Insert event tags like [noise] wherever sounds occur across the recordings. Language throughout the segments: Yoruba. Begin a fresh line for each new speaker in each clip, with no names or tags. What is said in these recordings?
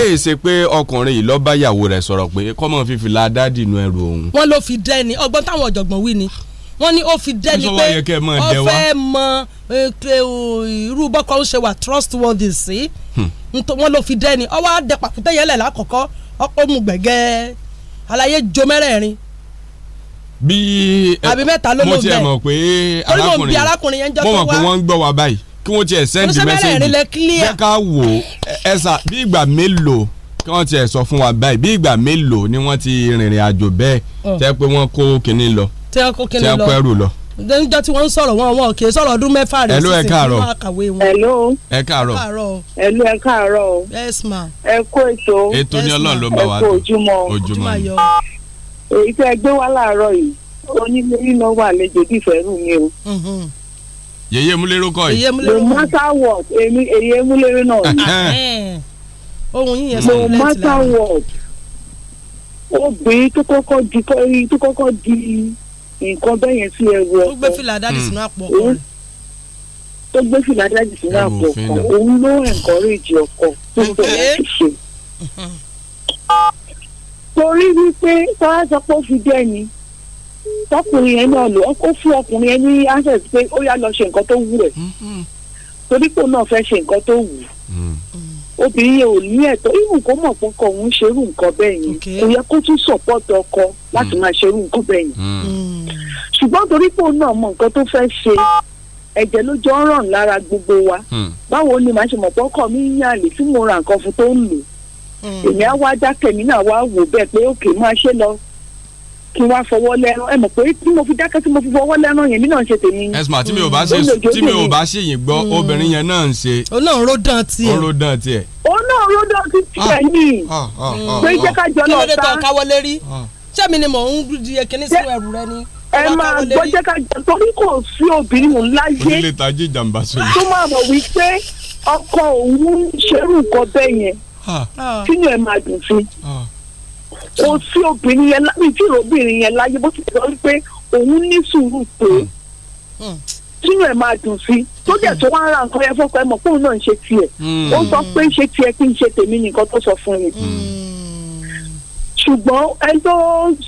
èyí ṣe pé ọkùnrin yìí lọ́ọ́ bá ìyàwó
rẹ̀ sọ̀rọ̀ pé kọ́mọ fífi la dádì nu ẹrù òun.
wọ́n ló fi dẹ́ni ọgbọ́n táwọn ọ̀jọ̀gbọ́n wí ni wọ́n ní ó fi dẹ́ni pé ó mọ e, e, irú bọ́kọ ń ṣe wà trustworthy sí hmm. wọ́n ló fi dẹ́ni ọwọ́ á dẹ pàkúté yẹlẹ̀ lákọ̀ọ́kọ́ ọkọ̀ mu gbẹ̀gẹ́ àlàyé jo mẹ́rẹ̀ẹ̀rin bí àbí mo tiẹ̀ mọ̀
pé arákùnrin mo mọ̀ pé wọ́n ń gbọ́ wa báyìí kí wọ́n tiẹ̀ send message bẹ́ẹ̀ ká wò ẹ̀sà bí ìgbà mélòó kí wọ́n tiẹ̀ sọ fún wa báyìí bí ìgbà mélòó ni wọ́n ti rìnrìn àjò bẹ́ẹ̀ mm. tẹ́ pé wọ́n kó kinní lọ
tẹ́ wọ́n kó lọ níjọ́ tí wọ́n ń sọ̀rọ̀ wọn wọn kì í sọ̀rọ̀ ọdún mẹ́fà rẹ̀ sí ti fún àkàwé wọn. ẹ̀ló
ẹ káàárọ̀
ẹ̀ló ẹ káàárọ̀ yes kó ètò ètò ni ọlọ́run ló bá wa tó
ojúmọ́ ojúmọ́
yọ. èyí tí ẹ gbé wá láàárọ̀ yìí onílé nínú wà lẹ́jọ́
dìfẹ́rù mi o. Mm-hmm yèyé múlẹ́rú kọ́ yìí. no
matter what èmi èyí múlẹ́rú náà ni.
[laughs] ohun yìí matter what
obìnrin tó kọ́kọ́ di tó kọ́kọ́ di nǹkan bẹ́ẹ̀ yẹn sí ẹrù ọkọ. tó gbé fìlà dáàdì sínú àpò ọkọ hmm. rẹ̀. tó gbé fìlà dáàdì sínú àpò ọkọ òun ló encourage ọkọ tó bẹ̀rẹ̀ ṣiṣẹ́. [laughs] torí wípé sọ́wọ́sọpọ̀ fi dẹ́ni tọkùnrin yẹn náà lò ó fún ọkùnrin yẹn ní access pé ó yá lọ ṣe nǹkan tó wù ẹ̀ mm-hmm. torí náà fẹ́ ṣe nǹkan tó wù mm. obìnrin yẹn ò ní ẹ̀tọ́ irun kó mọ̀ òun ṣerú nǹkan bẹ́ẹ̀ kò yẹ kó tún sọ̀pọ̀tì ọkọ láti mm. máa ṣerú nǹkan bẹ́ẹ̀
mm.
ṣùgbọ́n torí náà mọ nǹkan tó fẹ́ ṣe ẹ̀jẹ̀ ló jọ gbogbo wa báwo ni màá ṣe mọ̀ kí wọ́n á fọwọ́ lẹ́nu ẹ mọ̀ pé tí mo fi dákẹ́ tí mo fi fọwọ́ lẹ́nu yẹn mi náà ṣe tèmi. ẹsùn tí mi ò bá ṣe tí mi ò bá
ṣe yìí gbọ́ hmm. obìnrin yẹn náà ń ṣe. olóhùn ló dán tiẹ̀. olóhùn ló dán tiẹ̀.
olóhùn ló dán tiẹ̀
ní. Ah, ah, ah, pé jẹ́ ká jọ lọ sá. kí ló dé tán káwọ́ lérí
ṣé mi ni mò ń di kíní sí ẹrù rẹ ni ẹ máa gbọ́ jẹ́ ká
jẹ́ torí kò sí obìnrin mò ń láyé onílé tají o sí obìnrin yẹn láyé tí obìnrin yẹn láyé bó ti sọ wípé òun ní sùúrù pé hmm. Hmm. sínú ẹ̀ máa dùn sí tó dẹ̀ hmm. tó wá ń ra nǹkan yẹn fọ́pọ̀ ẹ̀ mọ̀ pé òun náà ń ṣe tiẹ̀ ó sọ pé ṣe tiẹ̀ kí n ṣe tèmi nìkan tó sọ fún mi ṣùgbọ́n ẹni tó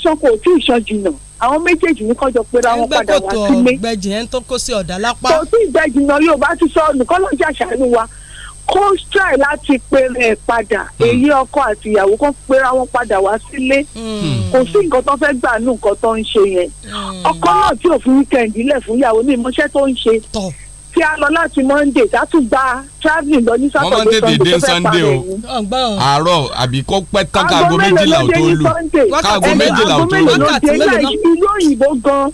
sọkò tí ì sàn jìnnà àwọn méjèèjì ní kọjọ pé ra wọn padà wá sílé. ẹgbẹ́ kò tó
gbẹ̀jìn ẹ̀ tó kó sí ọ̀dà lápá.
kò tí ì gbẹ̀jìn náà yóò bá ti sọ nìkan lọ́jà ṣàánú wa kó try láti pèrè ẹ̀ padà hmm. èyí ọkọ àti ìyàwó kan pera wọn padà wá sílé hmm. kò sí nǹkan tó fẹ́ gbà nù nǹkan tó ń ṣe yẹn hmm. ọkọ náà tí ò fi weekend lẹ̀ fún ìyàwó ní ìmọ̀ṣẹ́ tó ń ṣe tí a lọ láti monday dátún gba travelling lọ ní saturday sunday tó fẹ́ pa
rẹ̀ àárọ̀ àbí kó pẹ́ tán káago méjìlá ò tó lù
káago méjìlá ò tó lù. ìlú òyìnbó gan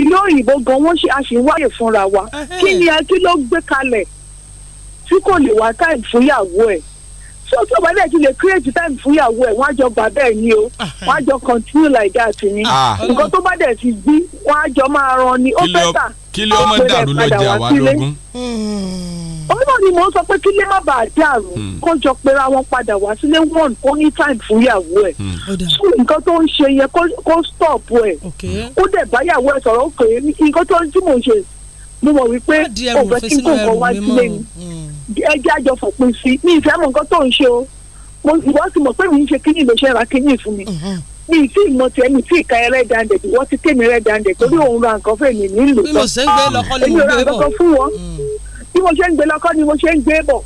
ìlú òyìnbó gan wọ́n ṣe àṣìwáyè fúnra wa kí ni ẹ kí ló gbé kalẹ̀ tí kò lè wá time fúnyàwó ẹ̀ so tí o bá dẹ̀ ti lè create time fúnyàwó ẹ̀ wọ́n á jọ gbà bẹ́ẹ̀ ni o wọ́n á jọ continue like that ni ah. nǹkan tó bá dẹ̀ ti bí wọ́n á jọ máa ran ni ó fẹ́ tà kí lé ọmọ dàrú ló jẹ àwa lógún. ọmọ ni mò ń sọ pé kí lé má bàa dàrú hmm. kó jọ pera wọn padà wá sílé one only time fún ìyàwó ẹ̀ sùn hmm. nǹkan tó ń ṣe yẹn kó stop ẹ̀ ó dẹ̀ báyàwó ẹ̀ sọ̀rọ̀ pé nǹkan tó ń tí mò ń ṣe mo mọ̀ wípé òfẹ́ kí nǹkan wá sílé mi hmm. ẹjẹ́ àjọ fòpin sí mi ìfẹ́ mọ̀ nǹkan tó ń ṣe o mo ìwọ́n ti mọ̀ pé mi ń ṣe kíní ló ṣe ra kíní fún mi hmm. mi ì tí ì mọ tiẹ̀ mi ì tí ì ka ẹ red handed ìwọ́n ti kémi red handed torí hmm. òun ra nǹkan fún èmi nílò tán èmi ò ra nǹkan fún wọn bí mo ṣe ń gbé lọ́kọ́ ni mo ṣe ń gbé bọ̀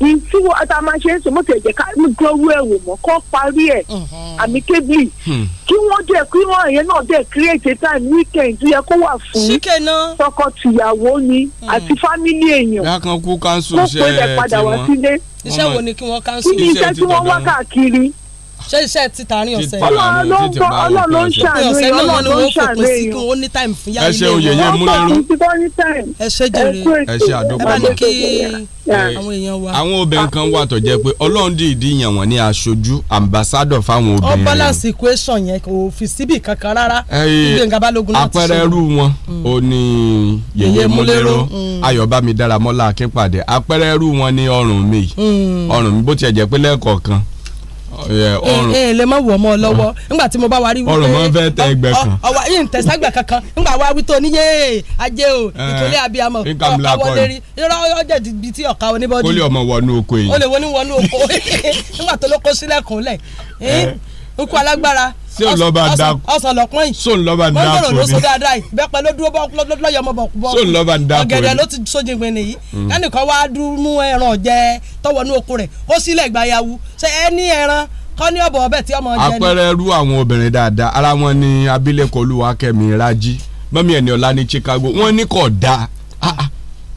nti wo ata ma ṣe ń sọ mo tẹ ká mi gbọ owó ẹwò mọ kọ parí ẹ mm-hmm. àmì kébìlì hmm. kí wọn dẹ kí wọn yẹn náà dẹ create time weekend yẹ kó wà fún tọkọtìyàwó ni hmm. àti family èèyàn kó pé ẹ padà wá sílé iṣẹ́ wo ni
kí wọ́n cancel iṣẹ́ ti dọ̀dọ̀ kí ni iṣẹ́ tí wọ́n wá káàkiri ṣé iṣẹ́ ti tààrin ọ̀sẹ̀ yìí. ọlọ́run ló ń gbọ́ ọlọ́run ló ń ṣàlùyìn ọlọ́run ló ń ṣàlùyìn. ọ̀sẹ̀ náà wọn ni wọ́n fòpin sí kí wọ́n ní táìmù fún yáyé lẹ́yìn. ẹ ṣe oyèyé múlẹ́rú ẹ ṣe jèrè ẹ ṣe àdókòwò. ẹ bá ní kí àwọn èèyàn wa.
àwọn obìnrin kan wà tó jẹ́ pé ọlọ́run dìídì yàn wọ́n ní aṣojú ambassadọ̀ fáwọn obìnrin. ọba láti
equation yẹn kò fi síbì kankan rárá. àpẹẹrẹ irú
wọn ò mm. ní yèyé múlẹ́rú mm. ayọ̀bámi dáramọ́lá akínpàdé àpẹẹrẹ irú wọn ní ọrùn mi mm. ọrùn mi bó tiẹ̀ jẹ́ pé lẹ́ẹ̀kọ̀ọ̀kan Eh, ọrùn ẹ eh, lè
má wọ̀ mọ́ lọ́wọ́ nígbà ah. tí mo bá wa rí wípé ọrùn mọ́ fẹ́ tẹ ẹgbẹ́ kan ọwọ́ yìí ń tẹ̀sẹ́gbẹ̀ kankan nígbà wa wí tó níyé ajé o eh, ìtòlẹ́ abiyamọ ọkàwọ́ lérí irọ́ ọjọ́ ibi tí ọ̀ka oníbọ́dí. ó lè ọmọ
wọnú oko yìí ó lè
wọnú wọnú oko nígbà [laughs] tó ló kó sílẹ̀kùn lẹ̀ nkú alágbára ọsàn lọ́pọ̀ yìí sóun lọ́ba ń dáàpọ̀ ni mọ́tòrò ló so dáadáa yìí bẹ́ẹ̀ pẹ́ ló dúró lọ́yọ̀ ọmọ bọ̀ sóun lọ́ba ń dáàpọ̀ ni ọ̀gẹ̀dẹ̀ ló ti sóje gbẹ̀ nìyí kánìkan hmm. wá dúró ẹran jẹ tọwọ́ ní oko rẹ̀ ó sílẹ̀ gbayawu ṣe ẹ ní ẹran kọ́ ní ọ̀bọ̀ ọbẹ̀ tí ọmọ jẹ ni. àpẹẹrẹ
irú àwọn obìnrin dáadáa ara wọn ni abilékọ Olúwakẹ́mi Rájí mọ́mí ẹni ọ̀la ní Chicago wọ́n ní kò dáa ah, ah.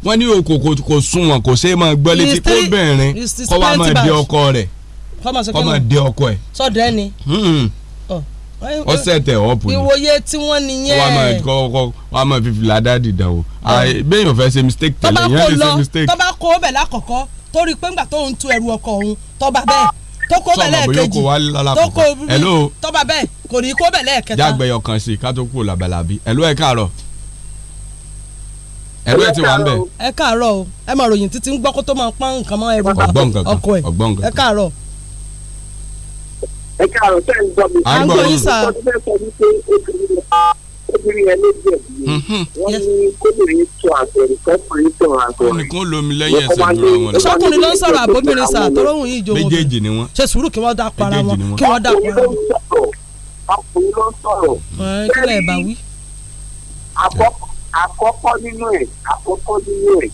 wọ́n ní okòkò kò sunwọ̀n kò ṣeé máa gbọ́ létí kó bẹ̀rẹ̀ kó wá máa di ọkọ rẹ̀ kọ́mọ sọ kí ọmọ dé ọkọ ẹ̀.
sọdọ ẹni. ọsẹ
tẹ ọpù ni hmm.
ìwòye tí wọ́n nìyẹn. wọ́n á máa
kọ ọkọ wọ́n á máa fi fìlà dáàdì dà o béèyàn fẹ́ ṣe mistake tẹ́lẹ̀ yẹn lè ṣe mistake. tọ́ba
kó o bẹ̀ lákọ̀ọ́kọ́ torí pé ńgbà tó ń tu ẹrù ọkọ̀ òun tọ́ba bẹ́ẹ̀ tó kó bẹ̀ lẹ́ẹ̀kejì tó kó tọ́ba bẹ́ẹ̀ kò ní kó bẹ̀ lẹ́ẹ̀kẹta.
jágbẹ́yọ̀ kan sí i ká tó kúrò làbàlàbí ẹ̀lú ẹ̀ káàárọ̀ ẹ̀rọ ẹ̀ ti wà ń bẹ̀.
ẹ káàárọ̀ o ẹ máa ròyìn títí ń gbọ́ kó tó máa pọ́n nǹkan mọ́ ẹrù ọkọ ẹ̀ ẹ káàárọ̀ ẹ
káàárọ̀ tẹ́ ń gbọ́ mi. à ń gbọ́ yín sá. obìnrin yẹn ló jẹ̀bi
mhm. wọ́n ní kóbìnrin tó lẹ́yìn ẹsẹ̀ dúró wọn. sọkùnrin ló ń sọ̀rọ̀ àbóbìnrin sá tọ́lọ́hùn yìí jó wọn. méjèèjì ni wọn. ṣe sùúrù kí wọ́n dá para wọn kí wọ́n dá para wọn. ọkùnrin ló ń sọ̀rọ̀ ọkùnrin ló ń sọ̀rọ̀
àkọ́kọ́ nínú ẹ̀ àkọ́kọ́ nínú ẹ̀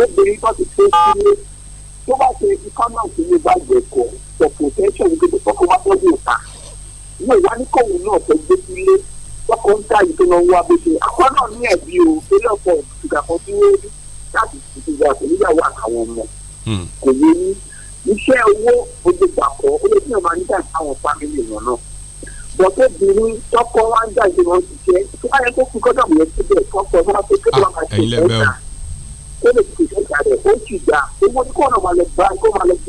obìnrin tó ti fẹ́ sílé tó bá ṣe ikọ́ náà for protection gbogbo tọkọ wa tọ́jú ìta yóò wá ní kọ̀wé náà fẹ́ gbé sílé tọkọ ń táyì tó lọ wá bó ṣe àpá náà ní ẹ̀bí o tẹ́lẹ̀ pọ̀ ìgbà kan tí wọ́n láti ìgbà tó níyàwó àtàwọn ọmọ hmm. kò yé ní iṣẹ́ owó ojoojúmọ́ àkọ́ ó lè fi hàn máa nígbà táwọn fámìlì wọn náà bọ́tẹ́ bìrì tọkọ wa ń jáde wọn ti jẹ tó bá yẹ kó fi kọ́dọ̀ mọ̀ ẹ́ síbẹ̀ tọkọ wọn tó kéde wọn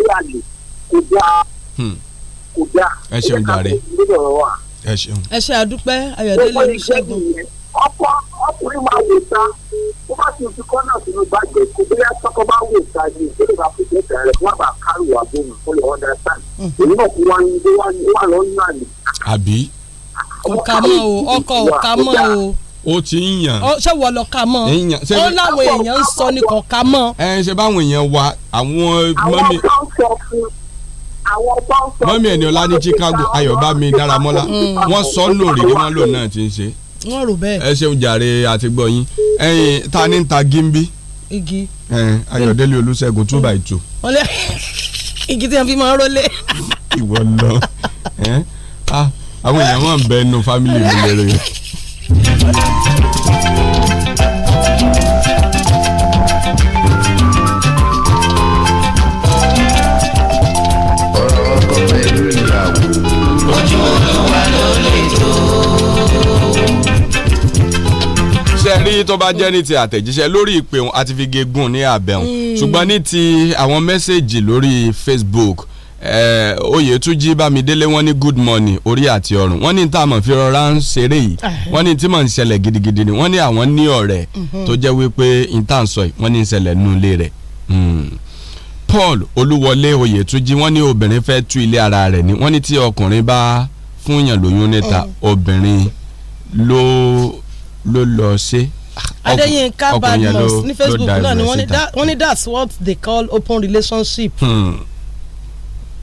ah, kò dáa hmm. kò dáa ẹ ṣeun jàre ẹ ṣeun. ẹ ṣe àdúpẹ́ ayọ̀dẹ́lẹ̀ olùṣègùn. ọkọ ọkùnrin máa wò ta ó bá ti fi kọ́nà sínú gbàgbé kò bóyá tọkọ bá wò ta ni ìṣèlú bá fi jẹ́ tẹ̀rẹ̀ kó má bàa kó lè ọ̀dà sáà hmm. èyí náà kó wá ní wà
lọ́nà àná. àbí. kò ká o ọkọ̀ ò ká mọ́ o
ó ti ń yàn.
ṣé wọ́n lọ ka mọ́ ó láwọn èèyàn ń sọ ní
kò ká mọ́. ẹ ṣe báwọn èèyàn wa àwọn mọ́mí. àwọn kan
sọ fún mọ́mí
ẹ̀ ní ọlá ní Chicago Ayọ̀bámi Dáramọ́lá wọ́n sọ lórí ni wọ́n lò náà ti ń ṣe. wọ́n rò bẹ́ẹ̀. ẹ ṣeun jàre àti gbọ̀yìn ẹyin ta ni ń ta gímbí. igi. Ayọ̀délé Olúṣẹ́gun two by two.
igi tí wọ́n fi máa ń rólé.
ìwọ lọ ah, àwọn èèyàn wọn bẹ nu fámìlì mi lérò yẹn. rí tó bá jẹ́ ní ti àtẹ̀jíṣẹ́ lórí ìpè òun àti fi gégùn ní àbẹ̀hùn hmm. ṣùgbọ́n ní ti àwọn mẹ́sẹ̀gì lórí Facebook Eh, Oyetunji Bámidélé wọ́n ní good morning orí àti ọrùn wọ́n ní tá a mọ̀ fi rọra ń ṣeré yìí wọ́n ní tí mò ń ṣẹlẹ̀ gidigidi ni wọ́n ní àwọn ní ọ̀rẹ́ mhm. tó jẹ́ wípé intanṣọ yìí wọ́n ní ṣẹlẹ̀ nù rẹ̀ hmm. Paul Olúwọlé Oyetunji wọ́n ní obìnrin fẹ́ tú ilé ara rẹ̀ ni wọ́n ní tí ọkùnrin bá fúnyàn lóyún níta obìnrin ló ló lọ ṣe.
Adéyínká Badmus ní Facebook náà ni wọ́n ní that's what they call open relationship. Hmm.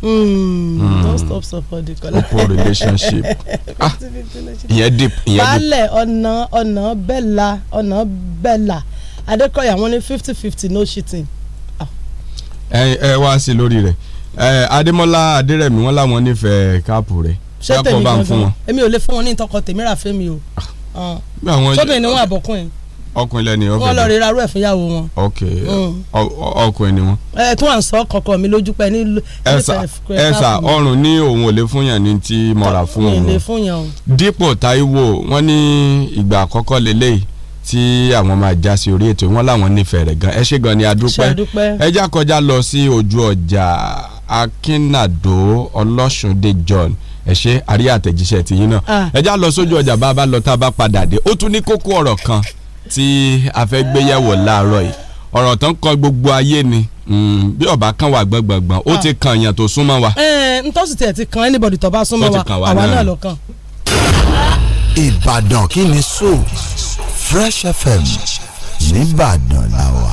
Mm, mm. don't hmm. stop supporting Kola. open relationship. [laughs] ah
ìyẹn
deep ìyẹn deep. baálẹ̀ ọ̀nà ọ̀nà bẹ́là ọ̀nà bẹ́là Adékọ̀yà wọ́n ní fifty fifty no cheating. Ah.
ẹ ẹ wá sí lórí rẹ̀ Eh, Adémọ́lá Adérẹ̀mí wọ́n làwọn nífẹ̀ẹ́ káàpù rẹ̀ ṣé tèmi gangan
èmi ò lè fún wọn ní ìtọkọ tèmi rà fẹmi o. Ah sóbìnrin ni wọn àbọ̀kùnrin
ọkùnrin lẹni ọbẹ wọn lọ rí ẹ fún ìyàwó wọn. ok mm. ọkùnrin ni wọn.
ẹ tún à ń sọ kọkọ mi lójú pẹ ní.
ẹsà ẹsà ọrùn ní òun ò lè fún yàn ní ti mọ̀ra fún òun. lè fún yàn o. dípò Táíwò wọn ní ìgbà àkọ́kọ́ lélẹ́yìí tí àwọn máa já sí orí ètò wọn làwọn nífẹ̀ẹ́ rẹ̀ gan ẹ ṣé gan ni adúpẹ́ ẹjá kọjá lọ sí ojú ọjà Akínàdó Ọlọ́ṣundé John ẹ ṣe àrí àtẹ̀jíṣẹ́ tiyín náà ah. ẹ já lọ sójú ọjà bá a bá lọ tá a bá padà dé ó tún ní kókó ọ̀rọ̀ kan tí a fẹ́ gbéyẹ̀wò láàárọ̀ yìí ọ̀rọ̀ tó ń kọ gbogbo ayé ni hmm, bí ọba kan wà gbọ̀ngbọ̀ngbọ̀n ó ah. ti kan èèyàn tó súnmọ́ wa.
Eh, ntọ́sí tẹ̀ ti kan anybody tó bá súnmọ́ wa àwa náà lọ kan.
Ìbàdàn kí ni so Fresh FM nìbàdàn làwà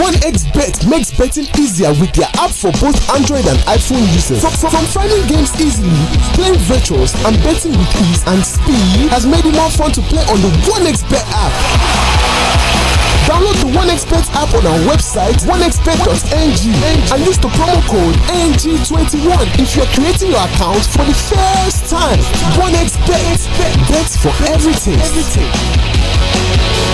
one X Bet makes betting easier with their app for both Android and iPhone users. From, from, from finding games easily, playing virtuals, and betting with ease and speed has made it more fun to play on the one X Bet app. Download the OneXpert app on our website, onexpert.ng, and use the promo code NG21 if you're creating your account for the first time. OneXpert, bets for everything. everything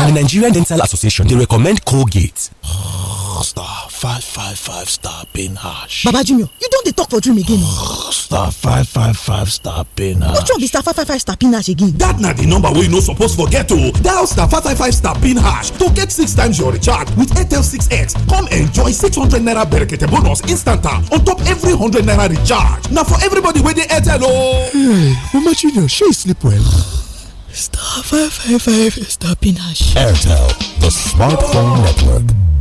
now, the Nigerian Dental Association, they recommend Colgate. [sighs] star five five five star pain hash. Baba jr you don't talk for dream again [sighs] star five five five star pain hash. What's wrong with star five five five star pain hash again? That not the number we you supposed to forget to. Oh. Dial star five five five star pin hash to get six times your recharge with Airtel 6x come enjoy 600 naira berekete bonus instant ah, on top every 100 naira recharge. Now for everybody where they Airtel o. Oh. Hey [sighs] mama junior shey you sleep well? Star 555
is
Airtel,
the smartphone network.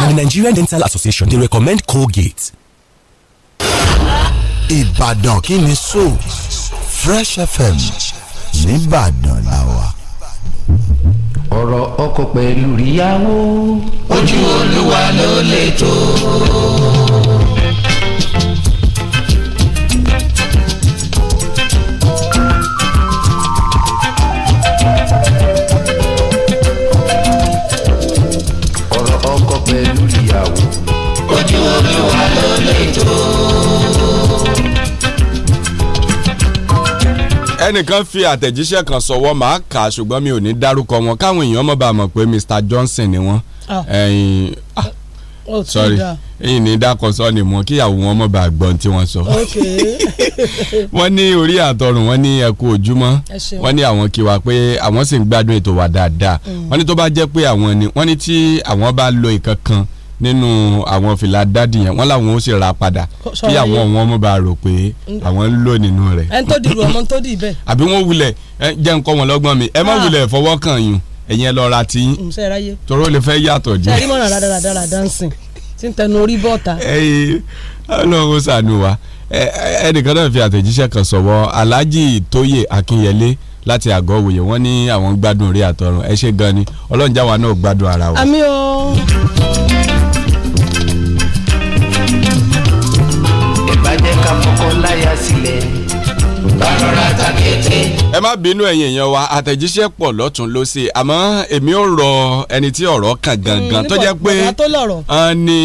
Now, the Nigerian Dental Association, they recommend Colgate. Ìbàdàn kí ni so Fresh FM
nìbàdàn la wà. Ọ̀rọ̀ ọkọ pẹ̀lú ìyàwó ojú Olúwa ló lè tó.
ètò.
ẹnìkan fi àtẹ̀jíṣẹ́ kan sọ̀wọ́ màá kà á ṣùgbọ́n mi ò ní dárúkọ wọn káwọn èèyàn mọ̀ bá mọ̀ pé Mr Johnson ni wọ́n ah. ẹ̀yìn ah, sorry ẹ̀yìn ní dákọ̀ sọ ni mo kíyàwó wọn mọ̀ bá gbọ́n tí wọ́n sọ.
[laughs]
wọ́n ní orí àtọrùn wọ́n ní ẹ̀kú ojúmọ́ wọ́n ní àwọn kí wa pé àwọn sì ń gbádùn ètò wa dáadáa mm. wọ́n ní tó bá jẹ́ pé àwọn ni wọ́n ní tí àwọn bá lo ìkankan nínú àwọn fìlà dádì yẹn wọn làwọn ó sì ra padà kí àwọn ọmọ ọmọ bá rò pé àwọn ń lò nínú rẹ.
ẹni tó dìrò ọmọ tó dì bẹ́ẹ̀.
[laughs] àbí wọ́n wulẹ̀ jẹ́ nǹkan wọn lọ́gbọ́n mi ẹ má ah. wulẹ̀ fọwọ́ kàn yín ẹ̀yin ẹ lọ ra
yín
tọrọ lè fẹ́ yàtọ̀ jù. sẹ́yìn
mọ̀ràn rádaràdàrà dancing tí ń tẹnu orí bọ́ọ̀ta.
ẹyin ọlọ́run ṣàánú wa ẹnìkan náà fi àtẹ̀jíṣẹ́ kan sọ̀wọ́ aláàjì tóyè akínyẹlé láti àgọ́ òwòye wọ́n ní àwọn gbádùn orí àtọ̀run ẹ ṣé gan ni ọlọ́run jáwa náà gbádùn ara wa.
àmì o. lọ́lọ́ra tàkété. ẹ má bínú ẹ̀yin
èèyàn wa àtẹ̀jíṣẹ́ pọ̀ lọ́tún ló ṣe àmọ́ èmi ò rọ ẹni tí ọ̀rọ̀ kàn gangan tó jẹ́ pé ni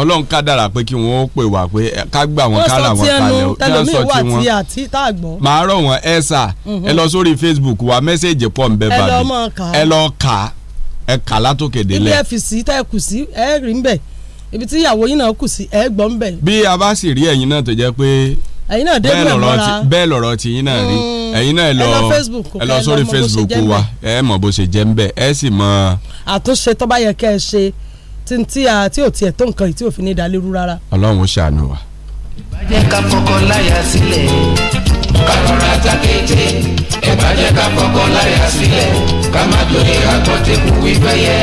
ọlọ́run ká dára pé kí wọ́n pè wá pé ká gbà wọ́n ká là wọ́n kalẹ̀ o kí wọ́n sọ tí
wọ́n máa
rọ̀ wọ́n ẹ sà ẹ lọ sórí Facebook wa mẹ́sẹ̀jì pọ̀ ń bẹ bàbí ẹ lọ kà ẹ kà látòkè délẹ̀. ilé
ẹ̀fìsì tẹ́ ẹ kù sí ẹ rí ń ibi tí ìyàwó yín náà kù sí ẹ gbọ́ ń
bí a bá sì rí ẹ̀yin náà tó jẹ́ pé
ẹ̀yin náà dé bẹ́ẹ̀ lọ́ra
bẹ́ẹ̀ lọ́rọ̀ ti yín náà rí mm. ẹ̀yin náà lọ ẹ lọ sórí Facebook wa ẹ mọ̀ bó ṣe jẹ́ ń bẹ̀ ẹ sì mọ̀.
àtúnṣe tó bá yẹ kẹ́ ẹ ṣe tí tí ò tiẹ̀ tó nǹkan yìí tí ò fi ní dalérú rárá.
Ọlọ́run ó ṣàánú wa. ìbàjẹ́ ká fọkàn láyà sílẹ̀ ká rọra ta kété ìbàjẹ́ ká fọkàn láyà sílẹ̀ ká má torí àtọ̀tẹ̀kù wípé yẹ.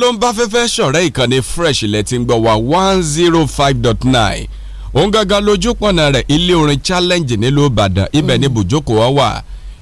ló ń bá fẹ́fẹ́ ṣọ̀rẹ́ ìkànnì fresh ilẹ̀ tí ń gbọ́ wa one zero oh five dot nine òun gangan lójú pọ̀nà rẹ̀ ilé orin challenge nílùú Ìbàdàn ibẹ̀ ni hmm. bùjókòó wa wà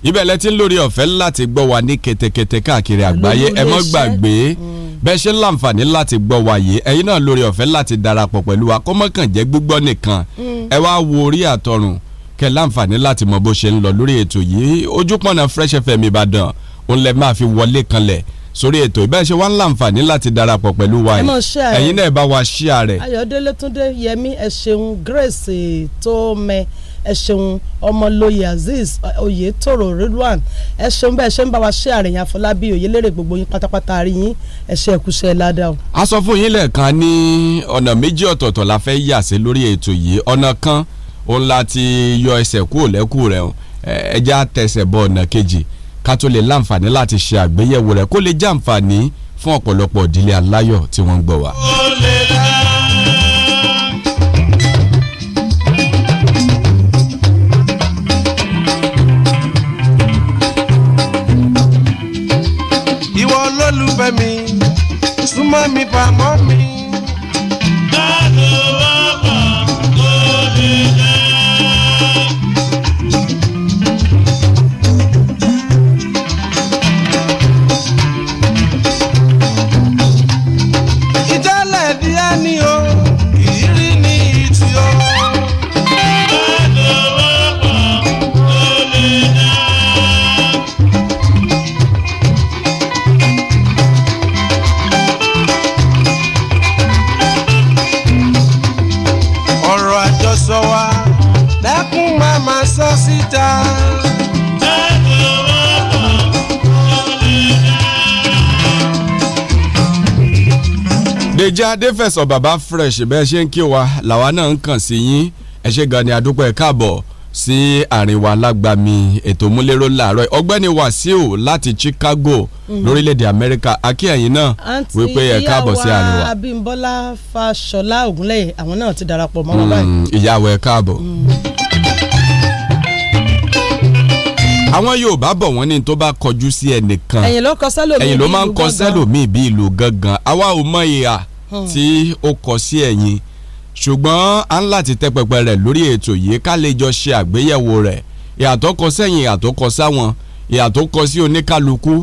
ibẹ̀ lẹ ti ń lórí ọ̀fẹ́ láti gbọ́ wa ní kẹ̀tẹ̀kẹ̀tẹ̀ káàkiri àgbáyé ẹ mọ́ gbàgbé hmm. bẹ́ẹ̀ ṣe ń láǹfààní láti gbọ́ wa yìí ẹ̀yin náà lórí ọ̀fẹ́ láti darapọ̀ pẹ̀lú wa kọ́mọ́kàn jẹ́ gbígbọ́ nìkan hmm. ẹ wá wo orí àtọrùn kẹ́ láǹfààní láti mọ bó ṣe ń lọ lórí ètò yìí ojú pọ̀nà Fresh FM Ìbàdàn òun lẹ máa fi wọlé kanlẹ̀ sórí ètò ìbẹ́ẹ̀ ṣe wá ń láǹfààní láti darapọ̀ pẹ̀lú wa yìí ẹ̀yin náà bá wa ṣíà rẹ̀.
Ayọ̀délé Túndé Yẹmí ẹ ṣeun Grace Tómẹ ẹ ṣeun ọmọlóye Azeez Oyètòrò Ridwan ẹ ṣeun bẹ́ẹ̀ ṣe ń bá wa ṣíà rẹ̀ yẹn Àfọlábí Oyèlérè gbogbo yín pátápátá rí yín ẹ ṣe ẹ̀kúṣẹ́ ládàá o.
a sọ fún yín lẹ́ẹ̀kan ní ọ̀nà méjì ọ̀tọ̀ọ̀tọ̀ la fẹ́ yà sí lórí ètò yìí ọ̀nà kan òun la ti yọ ẹsẹ̀ kúrò lẹ́kù rẹ̀ ẹja tẹsẹ̀ bọ ọ̀nà kejì ká tó lè láǹfààní láti ṣe àgbéyẹ̀wò rẹ̀ kó lè jẹ́ àǹfààní fún ọ̀pọ̀lọpọ̀ ìdílé aláyọ̀ tí wọ́n ń gbọ́ wa. ìwọ olólùfẹ́ mi súnmọ́ mi pamọ́ mi. ni o. Adija Adéfẹ̀sọ bàbá fresh bẹ́ẹ̀ ṣe ń kí wa làwa náà ń kàn sí yín ẹ ṣé gan ni adúpẹ́ káàbọ̀ sí àárín wa lágbàmì ètò múlẹ́rọ́ làárọ̀ ọgbẹ́ni Wàsíù láti Chicago mhm. lórílẹ̀‐èdè Amẹ́ríkà akíyẹ̀yìn náà wípé ẹ káàbọ̀ sí àárín wa. àǹtí ìyáwó
Abímbọ́lá Fáṣọlá Ògúnlẹ̀yẹ àwọn náà ti darapọ̀ mọ́ wọn hmm,
báyìí. ìyáwó ẹ káàbọ̀. Hmm. àwọn Yorùbá bọ̀ wọ́n ní tó bá kọjú sí ẹnìkan ẹ̀yìn ló máa ń kọ sẹ́lòmíì bí ìlú gangan tí ó kọ sí ẹ̀yìn ṣùgbọ́n a ń láti tẹ́ pẹpẹ rẹ̀ lórí ètò yìí ká lè jọ ṣe àgbéyẹ̀wò rẹ̀ ìyàtọ̀ kọ sẹ́yìn ìyàtọ̀ kọ sáwọn ìyàtọ̀ kọ sí oníkálukú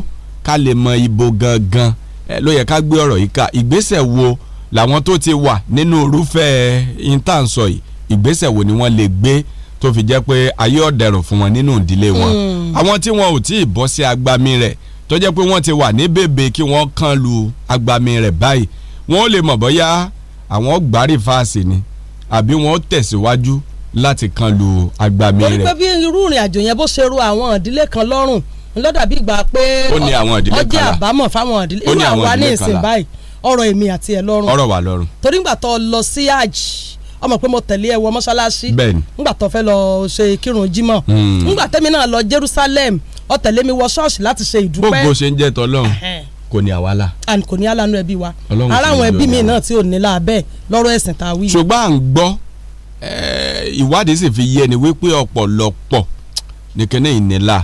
ká lè mọ ibo gangan ẹ ló yẹ ká gbé ọ̀rọ̀ yìí ká ìgbésẹ̀ wo làwọn tó ti wà nínú irúfẹ́ intansọ yìí ìgbésẹ̀ wo ni wọ́n lè gbé tó fi jẹ́ pé ayé ọ̀dẹ̀rùn fún wọn nínú ìdílé wọn hmm. àwọn tí wọn ò tí ì bọ́ sí agbami rẹ̀ tó jẹ́ pé wọ́n ti wà ní bèbè kí wọ́n kàn lu agbami rẹ̀ báyìí wọ́n lè mọ̀ bóyá àwọn gbárí fáàsì ni àbí wọ́n tẹ̀síwájú láti kan lu agbami rẹ̀. torí pé
bí irú ìrìn àjò yẹn bó ṣe ro àwọn ìdílé kan lọ́rùn ńlọ́dàbí gbà pé ọjọ́ àbámọ̀ fáwọn ìdílé irú àwa ní ìsìn báyìí ọ̀rọ̀ èmi àti ẹ̀ lọ́rùn. ọ̀rọ̀ wà lọ́rùn. torí ngbà tó lọ sí hajj ọmọ pé mo tẹ̀lé ẹ wọ mọ́ṣáláṣí ngbà tó fẹ́ lọ ṣe kírun jímọ̀ hmm. ngbà tẹ́mi náà lọ Jerusalem ó tẹ̀lé mi wọ ṣọ́ọ̀ṣì láti ṣe ìdúpẹ́. gbogbo ṣe
ń jẹ́ tọ́lọ́run kò ní àwa la.
a kò ní alánú ẹbí wa ara àwọn ẹbí mi náà tí ò ní láàbẹ̀ lọ́rọ̀ ẹ̀sìn tá a wí.
ṣùgbọ́n à ń gbọ́ ìwádìí sì fi yé ni wípé ọ̀pọ̀lọpọ̀ nìkẹ́ni ìnira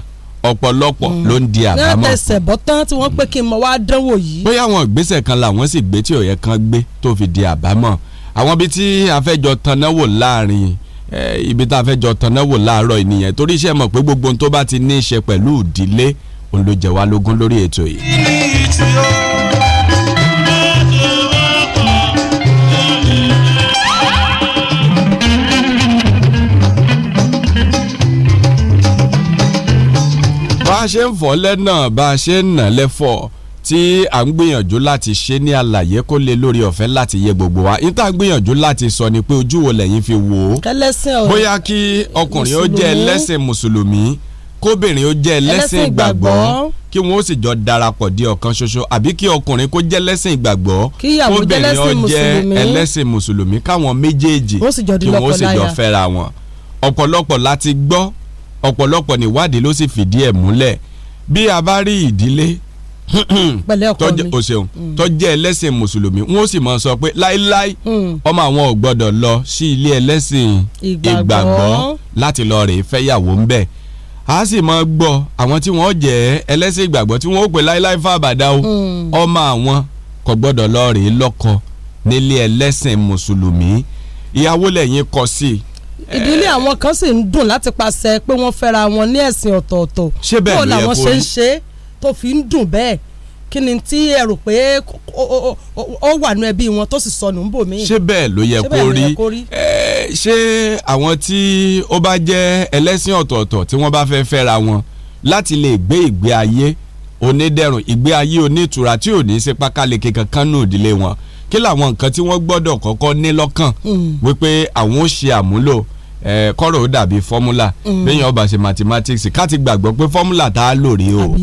ọ̀pọ̀lọpọ̀ mm. ló ń di àbámọ̀. náà tẹsẹ̀
bọ́ tán tí wọ́n pé kí n mọ wá dánwò yìí.
bóyá àwọn ìgbésẹ̀ kan làwọn sì gbé tí òye kan gbé tó fi di àbámọ̀ àwọn ibi tí afẹ́jọ tanáwò láàrin ibi tá afẹ́jọ tanáwò láàárọ̀ ènìyàn torí iṣẹ́ mọ̀ pé gbogbo ohun tó bá ti ní í ṣe pẹ̀lú ìdílé òun ló jẹ wá lógún lórí ètò yìí. bá a ṣe ń fọ́ lẹ́nà bá a ṣe ń nà lẹ́fọ̀ọ́ tí à ń gbìyànjú láti ṣe ní àlàyé kó lè lórí ọ̀fẹ́ láti yé gbogbo wa ní tá à gbìyànjú láti sọ ni pé ojú wo lẹ́yìn fi wò ó bóyá kí ọkùnrin ó jẹ́ ẹlẹ́sìn mùsùlùmí kóbìnrin ó jẹ́ ẹlẹ́sìn ìgbàgbọ́ kí wọ́n ó sì jọ darapọ̀ di ọ̀kan ṣoṣo àbí kí ọkùnrin kó jẹ́ ẹlẹ́sìn ìgbàgbọ́ kóbìnrin ó jẹ́ ẹlẹ́sìn mùsùlùmí káwọn méjèèjì kí wọ́n ó sì jọ fẹ́ra wọn ọ̀pọ̀lọpọ̀ láti gbọ́ ọ̀pọ̀lọpọ̀ níwádìí ló sì fìdí ẹ̀ múlẹ̀ bí a bá rí ìdílé [coughs] o ṣeun mm. tó jẹ́ ẹlẹ́sìn mùsùlùmí wọ́n sì máa sọ pé láíláí mm. ọmọ àwọn ò gbọ́dọ̀ lọ sí ilé ẹlẹ́sìn ìgbàgbọ́ láti lọ rèé fẹ́yàwó ńbẹ̀ a sì mọ gbọ́ àwọn tí wọ́n jẹ́ ẹlẹ́sìn ìgbàgbọ́ tí wọ́n ó pè láíláí fàbàdà o hmm. ọmọ àwọn kò gbọ́dọ̀ lọ rèé lọ́kọ nílé ẹlẹ́sìn mùsùlùmí ìyàwó lẹ́yìn kọ sí i
eh. ìdílé àwọn kan sì ń dùn láti pàṣẹ pé wọ́n fẹ́ra wọn ní ẹ̀sìn ọ̀tọ̀ọ̀tọ̀ ṣé làwọn ṣe ń ṣe tó fi ń dùn bẹ́ẹ̀ kí ni tí ẹ rò pé ó wà nù ẹbí wọn tó sì sọnù ń bò mí. ṣé bẹ́ẹ̀ ló yẹ kó rí ṣé àwọn tí ó bá
jẹ́ ẹlẹ́sìn ọ̀tọ̀ọ̀tọ̀ tí wọ́n bá fẹ́ fẹ́ra wọn láti lè gbé ìgbé ayé onídẹ̀rùn ìgbé ayé onítura tí ò ní í ṣe pákáleke kankan nù ìdílé wọn kí làwọn nǹkan tí wọ́n gbọ́dọ̀ kọ́kọ́ ní lọ́kàn hmm. wípé àwọn ó ṣe àmúlò kọ́rọ̀ ó dàbí fọ́múlà mm. bẹ́yìn ọba ṣe mathematics ká ti gbàgbọ́ pé fọ́múlà tá a lò rí o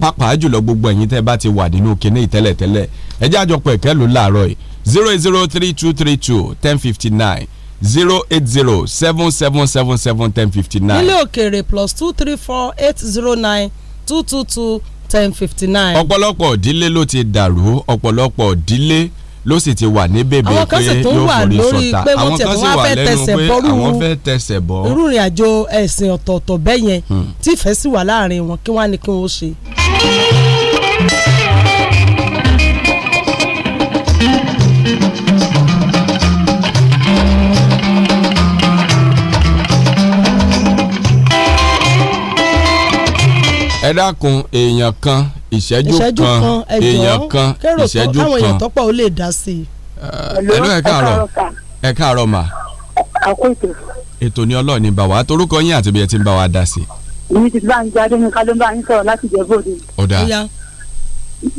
pàápàá jùlọ gbogbo ẹ̀yin tẹ́ bá ti wà nínú kinní ìtẹ́lẹ̀tẹ́lẹ̀ ẹ jẹ́ àjọpọ̀ ẹ̀kẹ́ ló láàárọ̀ yìí zero eight zero three two three two ten fifty nine zero eight zero seven seven seven seven ten fifty nine. nílé
òkèèrè plus two three four eight zero nine two two two ten fifty nine. ọ̀pọ̀lọpọ̀
ìdílé ló ti dàrú ọ̀pọ̀lọpọ̀ ìdílé ló sì ti wà ní bèbè pé yóò forí sọ̀tà àwọn kan sì wà lẹ́nu pé àwọn fẹ́ tẹsẹ̀ bọ́. irú
ìrìn àjò ẹ̀sìn ọ̀tọ̀ọ̀tọ̀ bẹ́yẹn tífẹ̀ẹ́ sì wà láàrin wọn kí wọ́n á ní kí wọ́n ṣe.
ẹ dákun èèyàn kan ìṣẹ́jú kan èèyàn kan ìṣẹ́jú kan káwọn èèyàn
tọ́pọ̀ ó lè dá sí i. ẹ̀lú ẹ káàárọ̀
ẹ káàárọ̀ mà. ètò ni ọlọ́ọ̀ ni bá wa torúkọ yín àti bí ti ń bá wa dá sí i.
èmi ti bá ń jẹ adéyínká ló ń bá yín sọ̀rọ̀ láti jẹ́ bòde. ó dáa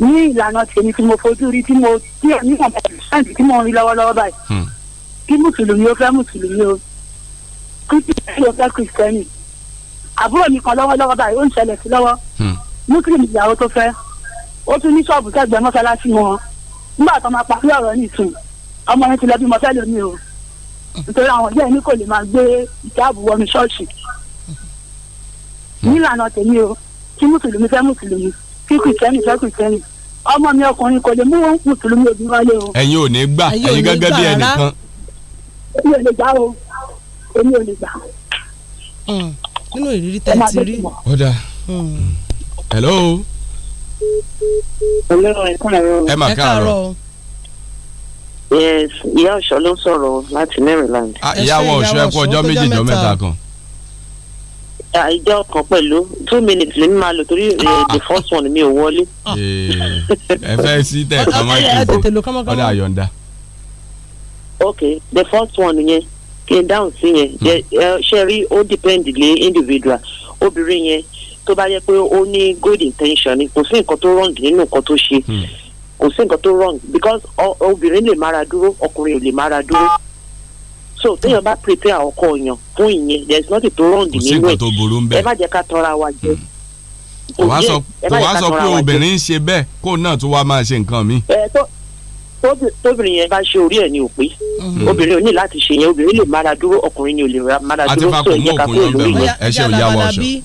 ní ìlànà tèmi tí mo fojú rí tí mo tí ẹ̀ níwọ̀n pẹ̀lú tí mo ń rí lọ́wọ́lọ́wọ́ báyìí hmm. kí mùsùlùmí ó fẹ́ mùsùlùmí ó kí kìrìsìtẹ́nì ó fẹ́ kìrìsìtẹ́nì àbúrò mi kan lọ́wọ́lọ́wọ́ báyìí ó ń ṣẹlẹ̀ sí lọ́wọ́ hmm. muslim ìyàwó tó fẹ́ ó tún ní ṣọ́ọ̀bù kẹgbẹ́ mọ́ṣáláṣí wọn nígbà tó máa parí ọ̀rọ̀ nìsín ọmọ yẹn ti lọ bí mọ́ṣáláṣí lómi o nítorí àwọn ìyá ẹni kò lè máa gbé ìjáàbù wọnú ṣọ́ọ̀ṣì hmm. nílànà tèmi o kí mùsùlùmí fẹ́ mùsùlùmí kí kìrìtẹ́nì fẹ́ kìrìtẹ́nì ọmọ mi ọkùnrin kò lè mú mùsùlùmí obìnrin wálé o.
ẹ̀yin ò ní gbà ẹ̀yin gẹ́gẹ́ bí ẹnìkan.
èmi ò lè gbà o èmi ò lè nínú ìrírí tẹ́ ẹ ti rí. ó dà hmm.
hello. ẹ mà káàárọ̀. yes
ìyá ọ̀ṣọ́ ló ń sọ̀rọ̀ láti Maryland. Ah, ìyá àwọn ọ̀ṣọ́ ẹ kú ọjọ́ méjì jọ mẹ́ta kan ìjọ kan pẹ̀lú two minutes lèmi máa lò torí eh, the ah, ah. first one mi ò wọlé.
Eh, ẹ fẹ́ sí tẹ̀ kọ́mọ́tì ọ̀dà àyọ̀ǹda.
ok the first one yẹn kí n dáhùn sí yẹn hmm. ṣe rí ó depend lé individual obìnrin yẹn tó bá yẹ pé ó ní good intention ni kò sí nǹkan tó wrong nínú nǹkan tó ṣe hmm. kò sí nǹkan tó wrong because obìnrin lè mára dúró ọkùnrin ò lè mára dúró so téèyàn bá prepare ọkọ yàn fún ìyẹn there is nothing to wrong nínú ẹ ẹ má jẹ́ ká tọra wa jẹ hmm.
kò wá sọ pé
obìnrin
ń ṣe bẹ́ẹ̀ kó náà tún wá máa ṣe nǹkan mi.
ẹ tó tóbìnrin yẹn bá ṣe orí ẹ̀ ní òpin mm-hmm. obìnrin ò ní láti ṣe yẹn obìnrin lè mára dúró ọkùnrin ni ò lè mára dúró tó ẹ̀jẹ̀ kakú
olórí
yẹn. ẹ ṣe òyà wa ọ̀ṣọ́.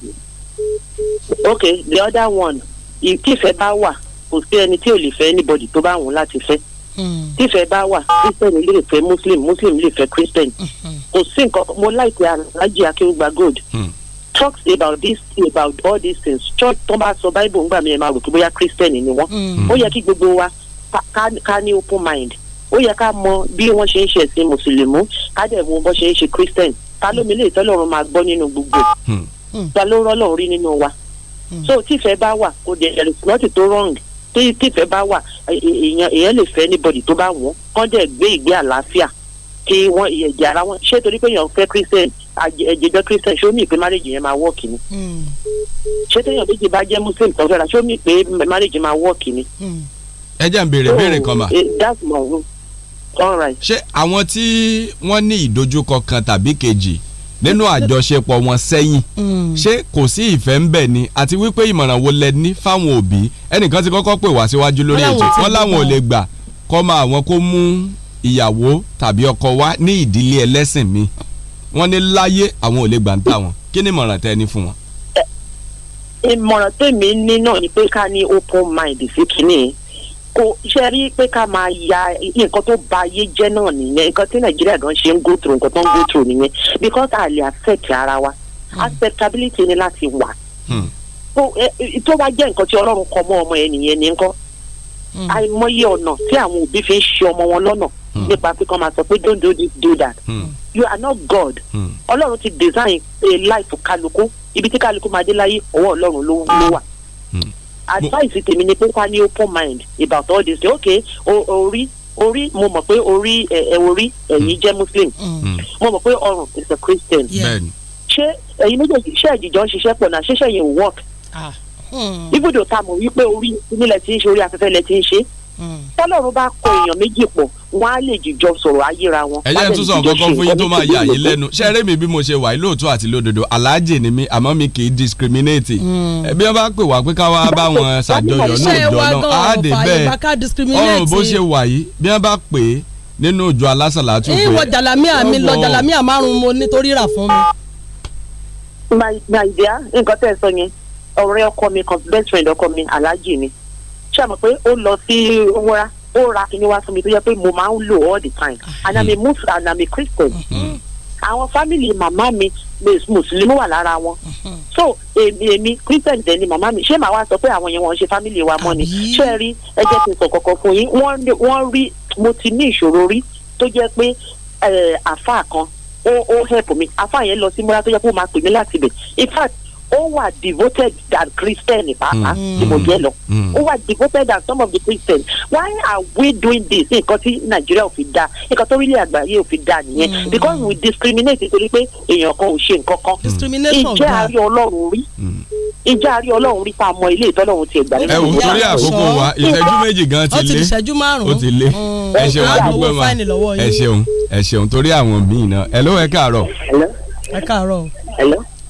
ok the other one tífẹ̀ bá wà kò sí ẹni tí ò lè fẹ́ anybody tó bá wùn láti fẹ́ tífẹ̀ mm. bá wà christian lè fẹ́ muslim muslim lè fẹ́ christian mm-hmm. kò sí nǹkan mo láìpẹ́ alájí akéwùgbà gold mm. talks about this about all these things church tó bá sọ bible ń gbà mí ẹ máa rò pé bóyá christian ni wọ́n mm. ó yẹ kí gbogbo wa ká ní open mind ó yẹ ká mọ bí wọ́n ṣe ń ṣe ẹ̀sìn mùsùlùmí ká dẹ̀ mọ bọ́ ṣe ń ṣe christian ta ló mi lè tọ́lọ́run máa gbọ́ nínú gbogbo hmm. Hmm. ta ló rọ́lọ́run rí nínú wa hmm. so tífẹ́ bá wà kò dẹ̀ there is nothing to wrong tífẹ́ bá wà èèyàn lè fẹ́ anybody tó bá wọ́n kán dẹ̀ gbé ìgbé àlàáfíà kí wọ́n ẹ̀jẹ̀ ara wọn ṣé torí pé èèyàn fẹ́ christian ẹ̀jẹ̀jọ́ christian ṣó mi pé marriage yẹn máa wọ́ọ̀kì ni ṣé téèyàn méjì bá jẹ́ muslim tó fẹ́ra ṣó mi pé marriage máa wọ́ọ̀kì ni. Mm
ẹ jẹ́ n béèrè oh, béèrè kan mà. all right. ṣé àwọn tí wọ́n ní ìdojúkọ kan tàbí kejì nínú àjọṣepọ̀ wọn sẹ́yìn hmm. ṣé kò sí ìfẹ́ ń bẹ̀ ni àti wípé ìmọ̀ràn wo lẹ ní fáwọn òbí ẹnìkan ti kọ́kọ́ pè wá síwájú lórí ètò wọn láwọn ò lè gbà kọ́ máa àwọn kó mú ìyàwó tàbí ọkọ wá ní ìdílé ẹlẹ́sìn mi wọ́n ní láyé àwọn ò lè gbà ń tà wọ́n kí ni ìmọ̀ràn tẹ́ ní fún wọn. Eh,
ìmọ̀ràn tèmi ní náà ni pé ká ní open mind sí kínní kò ṣe rí pé ká máa ya nǹkan tó ba ayé jẹ́ náà nìyẹn nǹkan tí nàìjíríà gan ṣe ń go through nǹkan tó ń go through nìyẹn because a lè accept ara wa hmm. acceptability ni láti wà hmm. tó bá jẹ́ nǹkan tí ọlọ́run kọ mọ́ ọmọ ẹ nìyẹn ní nǹkan hmm. àìmọye ọ̀nà tí àwọn òbí fi ń ṣe ọmọ wọn lọ́nà nípa pé kán máa sọ pé don't do this do that you are not God ọlọ́run ti design a life kálukú ibi tí kálukú máa dé láyé ọwọ́ ọlọ́run ló wà advice tèmi ni pé ká ní open mind about all this Okay, orí orí mo mọ̀ pé orí ẹ orí ẹ̀yin jẹ́ muslim mm. mo mọ̀ pé ọrùn is a christian ṣé ẹ̀yin méjèèjì ṣé ẹ̀jìjọ́ ń ṣiṣẹ́ pọ̀ náà ṣé ṣẹ̀yìn work ibùdó ah. tá a mọ̀ wípé orí nílẹ̀ tí ń ṣe orí afẹ́fẹ́ lẹ̀ tí ń ṣe tọ́lọ́run bá kọ èèyàn méjì pọ̀ wọ́n á lè jìjọ sọ̀rọ̀ ayéra wọn. ẹ jẹ́ tún sọ kankan fún yín tó máa yà yín lẹ́nu
ṣé eré mi bí mo ṣe wà lóòótọ́ àti lódodo aláàjì ni mi àmọ́ mi kì í discriminate. Hmm. bí wọ́n bá pè wá pé ká wá bá wọn [laughs] ṣàjọyọ̀ ní ìjọ náà á dé bẹ́ẹ̀ ọ̀rọ̀ bó ṣe wà yìí bí wọ́n bá pè é nínú ìjọ alásàlá tún pé. ìwọ jàlámíà mi lọ jàlámíà
márùn mo nítorí rà fún mi. my my dear nǹkan tẹ́ ẹ sọ yẹn ọ̀rẹ́ ọkọ mi kan best friend ọkọ mi aláàjì
ni ṣe pé ó lọ sí wúra ó ra kíní wá fún mi tó yẹ pé mo máa ń lò all the time and i'm a muslim and i'm a christian mhm. àwọn fámìlì màmá mi mùsùlùmí wà lára wọn mhm. so èmi èmi christian dẹ̀ ni màmá mi ṣé màá wá sọ pé àwọn yẹn wọn ṣe fámìlì wa mọ́ ni ṣé ẹ rí ẹ jẹ́ kí n sọ kọ̀kọ̀ fún yín wọ́n rí mo ti ní ìṣòro rí tó jẹ́ pé eh, àáfàá kan ó ó help me! àáfàá yẹn lọ sí múra tó yẹ kó máa pè mí láti bẹ̀ in fact ó wà devoted than christian pàápàá hmm. tí mo hmm. jẹ́ lọ hmm. ó wà devoted than some of the christians why are we doing this nǹkan tí nàìjíríà ò da nǹkan tó orílẹ̀ àgbáyé ò da nìyẹn because we discriminate nítorí pé èèyàn kan ò ṣe nǹkan kan ìjẹ́ àárí ọlọ́run rí ìjà àrí ọlọ́run rí pa ilé ìtọ́lọ́run ti ẹgbàá nínú
ìyá torí àkókò wa ìṣẹ́jú méjì gan ti lé ó ti lé ẹ ṣeun àdúgbò ma ẹ ṣeun ẹ ṣeun torí àwọn míì náà ẹ ló ẹ káàárọ̀. ẹ káàárọ̀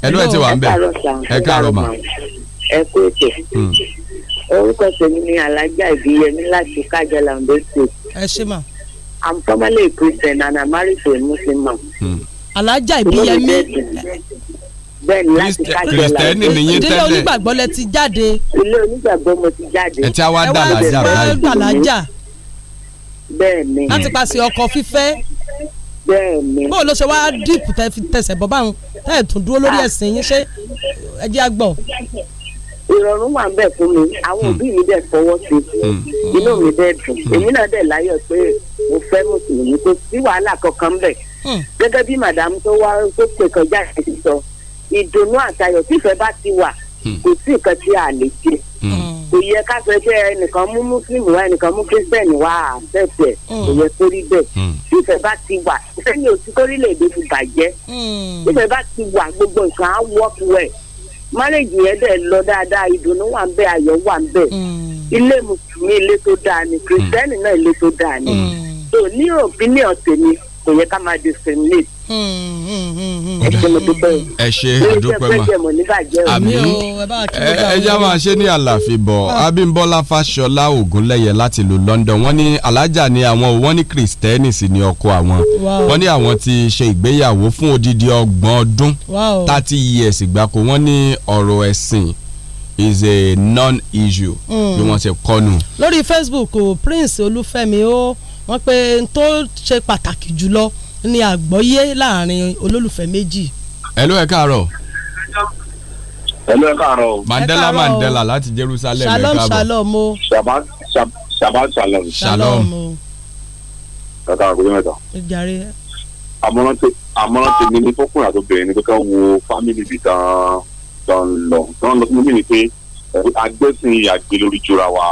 ẹnu ẹ ti wà ń bẹ ẹ káàárọ̀ mà.
ẹ kú ètò
hmm.
orúkọ tèmi ni alájà ìbíyẹmí láti kájà làǹdó state. ẹ ṣe mà. i'm
formerly a christian and i'm married to a muslim man. Hmm. alájà ìbíyẹmí. bẹ́ẹ̀ni láti kájà làǹdó state. ìdílé onígbàgbọ́ lẹ ti jáde. ilé onígbàgbọ́ mo ti jáde. ẹ ti wá dà lájà báyìí. ẹ wá dà lájà. bẹ́ẹ̀ni. láti pàṣẹ ọkọ fífẹ́ bẹ́ẹ̀ni. bó o lọ ṣe wá díìpù tẹsẹ̀ bọ́ báwọn tẹ́ ẹ̀ tún dúró lórí ẹ̀sìn yín ṣé ẹ jẹ́ àgbọ̀. ìrọ̀rùn wà ń bẹ̀ fún mi àwọn hmm. òbí mi dẹ̀ fọwọ́ sí i hmm. inú mi dẹ̀ dùn hmm. èmi náà dẹ̀ láyọ̀ pé mo fẹ́ mùsùlùmí
kò sí wàhálà kankan bẹ̀ gẹ́gẹ́ bí màdàmú tó wá tó pè kọjá ìsọ ìdùnnú àtayọ̀ tífẹ́ bá ti wà Hmm. kò sí nǹkan tí a lè ṣe hmm. kò yẹ ká sọ pé ẹnìkan mú muslim wá ẹnìkan mú christian wá àbẹ̀fẹ̀ hmm. kò yẹ kó rí bẹ́ẹ̀ ìfẹ́ bá ti wà ìfẹ́ ní òsì kórìlẹ̀-èdè fi bàjẹ́ ìfẹ́ bá ti wà gbogbo nǹkan á work well márèjì yẹn dẹ̀ lọ dáadáa ìdùnnú wà ń bẹ ayọ̀ wà ń bẹ ilé mùsùlùmí ilé tó dáa ni kìrìsìtẹ́nì náà ilé tó dáa ni tò ní opinion tèmi kò yẹ ká máa discriminate.
ẹ ṣe àdúpẹ́
mà àmì ẹ já máa
ṣe ní àlàfíbọ̀ ah. Abímbọ́lá Fáṣọlá Ògúnlẹ́yẹ láti ìlú London wọ́n ní alájà ni àwọn wọ́n ní Kristẹni sì ni ọkọ àwọn wọ́n ní àwọn ti ṣe ìgbéyàwó fún odidi ọgbọ̀n ọdún thirty years gbáko wọ́n ní ọ̀rọ̀ ẹ̀sìn is a non-issue
mm. bí wọ́n ṣe kọ́nu. lórí Facebook Prince Olúfẹ́mi ó. Oh wọ́n pé n tó ṣe pàtàkì jùlọ ni àgbọ́yé láàrin olólùfẹ́ méjì.
hello ẹ káàárọ̀. hello ẹ káàárọ̀ mandela mandela láti jerusalem ẹ káàbọ̀. shalom
shalom o. Shabat shabbat shalom. shalom o.
kàkà
àgọ́jọ́ mẹ́ta. ìjàre. àmọ́ràn tẹ àmọ́ràn tẹ nínú fọkùnrin àti obìnrin ni kíkọ́ wo fámìlì bíi tán tán lọ tán lọ sí mímì ni pé agbẹ́sìn àgbẹ̀ lórí
jura wa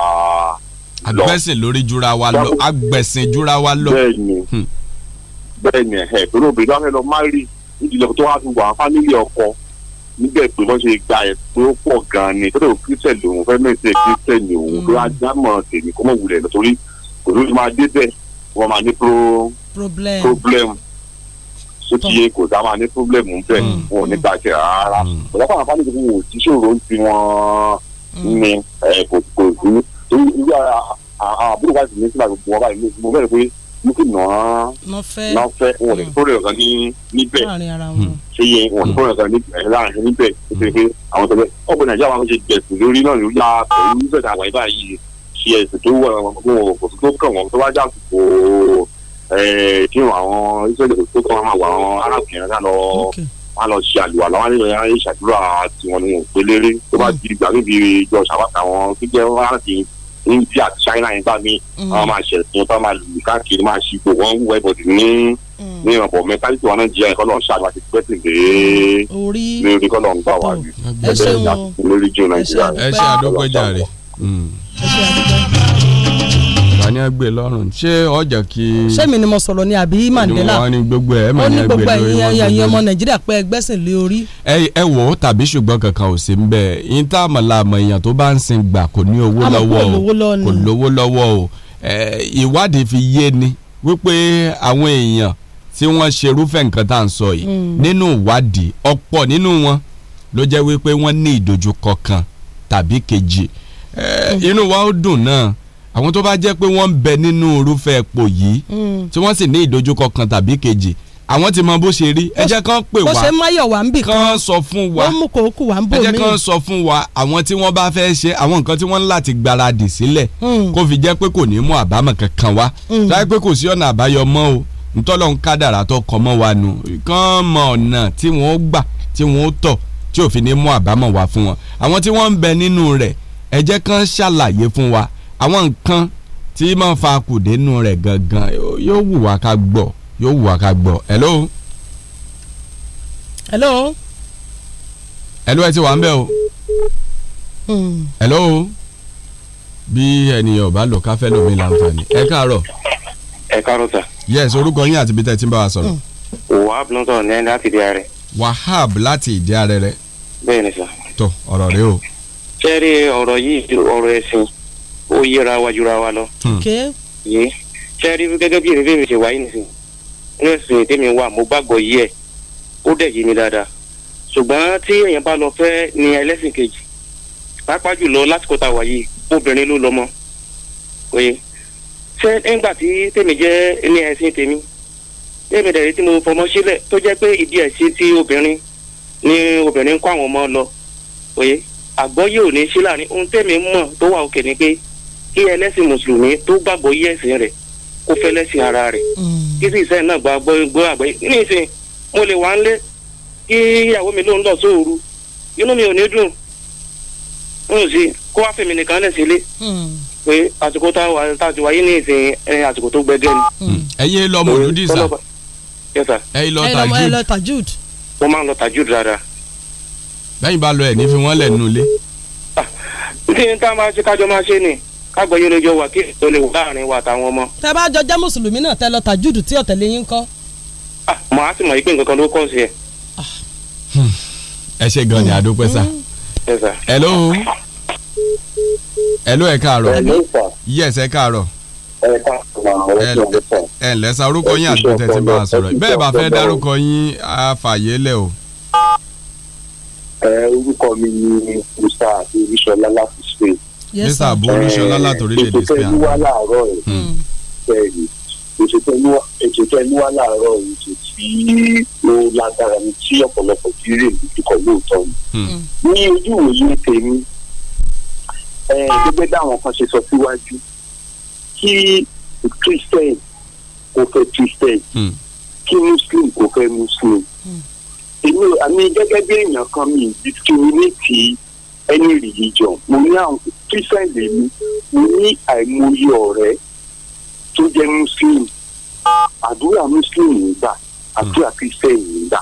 agbẹ́sìn lórí jura wa lọ agbẹ̀sìn jura wa lọ. bẹ́ẹ̀ni
hmm.
bẹ́ẹ̀ni ẹ torí obìnrin wàá fẹ́ lọ márì ìdílé tó wá fi wà fámílì ọkọ níbẹ̀ pé wọ́n ṣe gba ẹ̀ pé ó pọ̀ gan-an ni tó dẹ̀ kírísẹ̀ lòun fẹ́ mẹ́sẹ̀ kírísẹ̀ ni òun ló hmm. ajá mọ̀ tèmi kó mọ̀ wulẹ̀ lọ torí kò ló máa dé bẹ́ẹ̀ wọ́n máa ní problem sotiye kò dá máa ní problem bẹ́ẹ̀ hmm. wọn ò ní gbàjẹ́ rárá ọ̀dọ́ fún àwọn fámìlì kò wò tíṣòro ń ti wọn ní kò kò sí irú àbúrò wa sì ní gbogbo wọn báyìí mo bẹ̀rẹ̀ pé mo kì nà án náà fẹ́ wọn ò hmm. tó rẹ̀ kan ní níbẹ̀ hmm. ṣe yẹ wọn tó rẹ̀ kan láàrin níbẹ̀ nítorí àwọn tó bẹ̀ ọ̀pọ̀ nàìjíríà wọn ṣe gbẹ̀sùn lórí náà ló yá pẹ̀lú níbẹ̀ àwọn ibà yìí ṣe ẹ̀sìn tó wọ̀ wọn kò tó kàn wọn tó bá jà kò tó kàn lọ ṣe àlùwà làwọn ilẹ̀ ayé ṣàdúrà tiwọn ni wọn tó bá hmm. di ìgbà níbi ìjọ ṣàwátà wọn kíjẹ́ wọn arábìnrin India China nígbà míì àwọn máa ṣẹlẹ̀ tí wọ́n bá máa lù káàkiri máa ṣe ipò wọ́n wúwo ẹ̀bọ̀dì ní ní ìrànbọ̀ mẹ́tálítì wọn náà jẹ́ ẹ̀kọ́ lọ́n ṣáájú àti pẹ́ẹ́tì lé
ní orí kọ́ lọ́n gbà wá rí ẹ̀ṣẹ̀ wọn ẹ̀ṣẹ̀ àdókòjà rẹ̀ ní ẹgbẹ́ lọ́rùn ṣé ọjà kí. sẹ́mi
ni mo sọ̀rọ̀ ni àbí Mandela ó ní
gbogbo ẹ̀ mọ̀ ní ẹgbẹ́ lórí wọn gbogbo ẹ̀yin ọmọ
Nàìjíríà pé ẹ gbẹ́sẹ̀ lé orí.
ẹ ẹ wò ó tàbí ṣùgbọ́n kankan ò sí nbẹ yín tá àmọ̀ la àmọ̀ èèyàn tó bá ń sin gbà kò ní owó lọ́wọ́ o kò lówó lọ́wọ́ o ìwádìí fi yé ni wípé àwọn èèyàn tí wọ́n ṣerúfẹ́ nǹkan tá à ń sọ yìí hmm. nínú ìwádìí ọ̀pọ̀ nínú wọn ló jẹ́ wípé wọ́n ní ìdojúkọ kan tàbí kejì hmm. inú wa ó dùn náà àwọn tó bá jẹ́ pé wọ́n ń bẹ nínú irúfẹ́ ipò yìí mm. tí wọ́n sì ní ìdojúkọ kan tàbí kejì àwọn ti mọ bó ṣe rí ẹ jẹ́ kán pè wá bó ṣe
máyọ̀ wá ń bì kan kán sọ fún wa ó mú kòókù wá ń bò mí ẹ jẹ́ kán sọ fún wa
àwọn tí wọ́n bá fẹ́ ṣe àwọn nǹkan tí wọ́n ń láti gbaradì sílẹ̀ mm. kó fi jẹ́ pé kò ní mú àbámọ̀ kankan wá mm. táyé pé kò sí ọ̀nà àbáyọ mọ́ o ntọ́lọ́ ń kádàrà tó kọ mọ́ wa nù kán mọ ọ̀nà tí wọ́n gbà tí wọ́n tọ̀ tí òfin ní mú àbámọ̀ wá fún wọn àwọn tí wọ́n ń bẹ nínú rẹ̀ ẹ jẹ́ ṣàlàyé fún wa àwọn nǹkan tí máa ń fa kùdé nù rẹ̀ gangan yóò wù wá ká gbọ́ yóò wù wá ká gbọ́ hello. hello. hello ẹ ti wà ń bẹ̀ o. Hmm. hello bí ènìyàn bá lò káfẹ́ lómi láǹfààní ẹ káàárọ̀. ẹ káàárọ̀ sà. yes orúkọ yín àti ibi tẹ́ ẹ ti ń bá wa sọ̀rọ̀. Hmm.
wahab ló ń sọ̀rọ̀ ní ẹni láti ìdí ààrẹ.
wahab láti ìdí ààrẹ rẹ. bẹ́ẹ̀ ni sà. tó ọ̀rọ̀ rẹ o.
ṣé rí ọ̀rọ̀ yìí ọ̀rọ̀ ẹ̀sìn ó yíra wa jura wa lọ. Hmm. yé ṣe rí gẹ́gẹ́ bí ìrírí ìrìnsè wáyé nìsín inú ẹ̀sìn tèmi wà mo gbàgbọ́ yí ẹ̀ ó dẹ̀ yé mi dáadáa ṣùgbọ́n tí èèyàn bá lọ fẹ́ ni ẹlẹ́sìn kejì pàápàá jùlọ lásìkò tá a obìnrin ló lọ́mọ oye ṣé nígbà tí tèmi jẹ́ ní ẹ̀sìn tèmi tèmi dẹ̀rẹ́ tí mo fọmọ sílẹ̀ tó jẹ́ pé ìdí ẹ̀sìn tí obìnrin ni obìnrin kó àwọn ọmọ lọ oye àgbọ́yé ò ní sí láàrin ohun tèmi mọ̀ tó wà òkè ni pé kí ẹlẹ́sìn mùsùlùmí tó gbàgbọ́ yí ẹ̀sìn rẹ̀ kó fẹ́ lẹ́sìn ara rẹ̀ mm. kí sì sẹ́yìn náà gba gbọ́ àgbẹ̀ nísìn mo lè wá nílé kí ìyàwó mi ló ń lọ sóòru inú mi ò ní dùn ń sí kó wá fèmí nìkan lẹ̀ sílé mm. pé àsìkò tá a ti wáyé ní ìsìn àsìkò tó gbẹgẹ́ ni. Mm.
ẹ̀yin lọ mọlúdì sá ẹ̀yin lọ
tajud. mo máa ń lọ tajud
dáadáa. bẹ́yìn bá lọ ẹ̀ ní fi wọ́n lẹ̀ nulẹ̀.
Ah, ní ta máa ṣe kájọ máa ṣe ni kágbẹ́yé lójó wà kí èso lè wò láàrin wa àtàwọn ọmọ.
tẹ bá jọ jẹ́ mùsùlùmí náà tẹ lọ tàjúdù tí ọ̀tẹ̀lẹ̀ yín kọ́.
Ah, mọ á sì mọ̀ pé nǹkan kan ló kọ́ sí ẹ. Ah.
Hmm. ẹ ṣe gan ni àdó pẹ́sà. hello hello ẹ káàárọ̀ yes ẹ káàárọ̀ ẹ lẹ́sà orúkọ yín àti tẹ̀ tí bá a sọ̀rọ̀ bẹ́ẹ̀ bá fẹ́ dárúkọ yín àfàyè lẹ̀ o.
orúkọ mi ni musa adéríṣọlá láti mr abu olúṣọlá eh, látòrílẹ̀-èdè spain. ètò tẹnuwa láàárọ̀ yìí hmm. bẹ́ẹ̀ni ètò tẹnuwa ètò tẹnuwa láàárọ̀ yìí ètò tí ó lágbára ni tí ọ̀pọ̀lọpọ̀ tí rè lójúkọ lóòótọ́ ni. Hmm. Hmm. ní
ojú ìwòye
tèmi gẹ́gẹ́ báwọn kan ṣe sọ síwájú kí christian kò fẹ́ christian kí muslim kò fẹ́ muslim èmi àmì gẹ́gẹ́ bí èèyàn kan mi discriminate any religion mo ní àwọn christian lèmi mo ní àìmọye ọ̀rẹ́ tó jẹ́ muslim àdúrà muslim nígbà àdúrà hmm. christian nígbà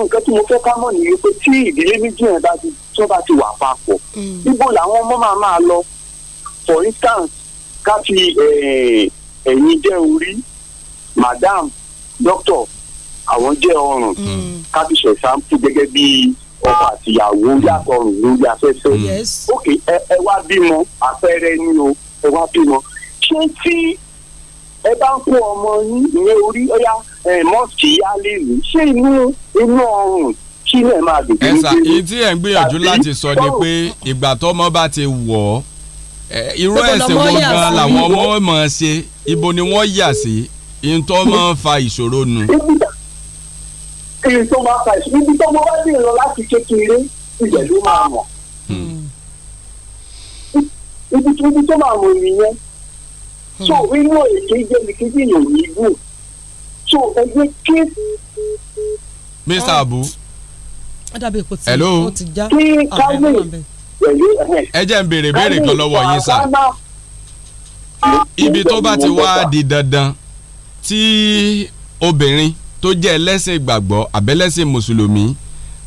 nǹkan tí mo fẹ́ ká mọ̀ nìyí pé tí ìdílé méjì yẹn bá ti tó bá ti wà papọ̀ hmm. níbo làwọn ọmọ máa máa lọ for instance ká fi eh, ẹ̀yin jẹ́ orí madam doctor àwọn jẹ́ ọrùn hmm. ká fi ṣe sample gẹ́gẹ́ bíi ọkọ àtìyàwó yàtọ̀ rò lórí afẹ́fẹ́ mm. ok ẹ wá bímọ àpẹẹrẹ ni o ẹ wá bímọ ṣé tí ẹ bá ń kó ọmọ yín ní orí ọyá mọ́ọ̀sì yá lè rí ṣé inú inú ọrùn
kí lè máa dùn. ẹ sà èyí tí ẹ ń gbìyànjú láti sọ ni pé ìgbà tọ́mọ bá ti wọ̀ ọ́ irú ẹ̀sìn wo gan làwọn ọmọ mọ̀ ọ́ ṣe ibo ni wọ́n yà sí ìtọ́ fa ìṣòro nù
kí n tó máa fa ìṣúná ibi tó mo bá lè lọ láti kékeré ìjẹ̀lú máa mọ̀ hmm. ibi tó ibi tó máa mọ̀ nìyẹn hmm. so inú èké jẹ́ mi kí bí yòó ní gùn so ẹgbẹ́ kí.
Mr. Abu.
hello. kí kábíyèsí ẹ jẹ́
ń ah, béèrè béèrè kan lọ́wọ́ yín sá
ibi tó bá ti wá
di dandan tí obìnrin tó jẹ́ ẹlẹ́sìn ìgbàgbọ́ àbẹ́lẹ́sìn mùsùlùmí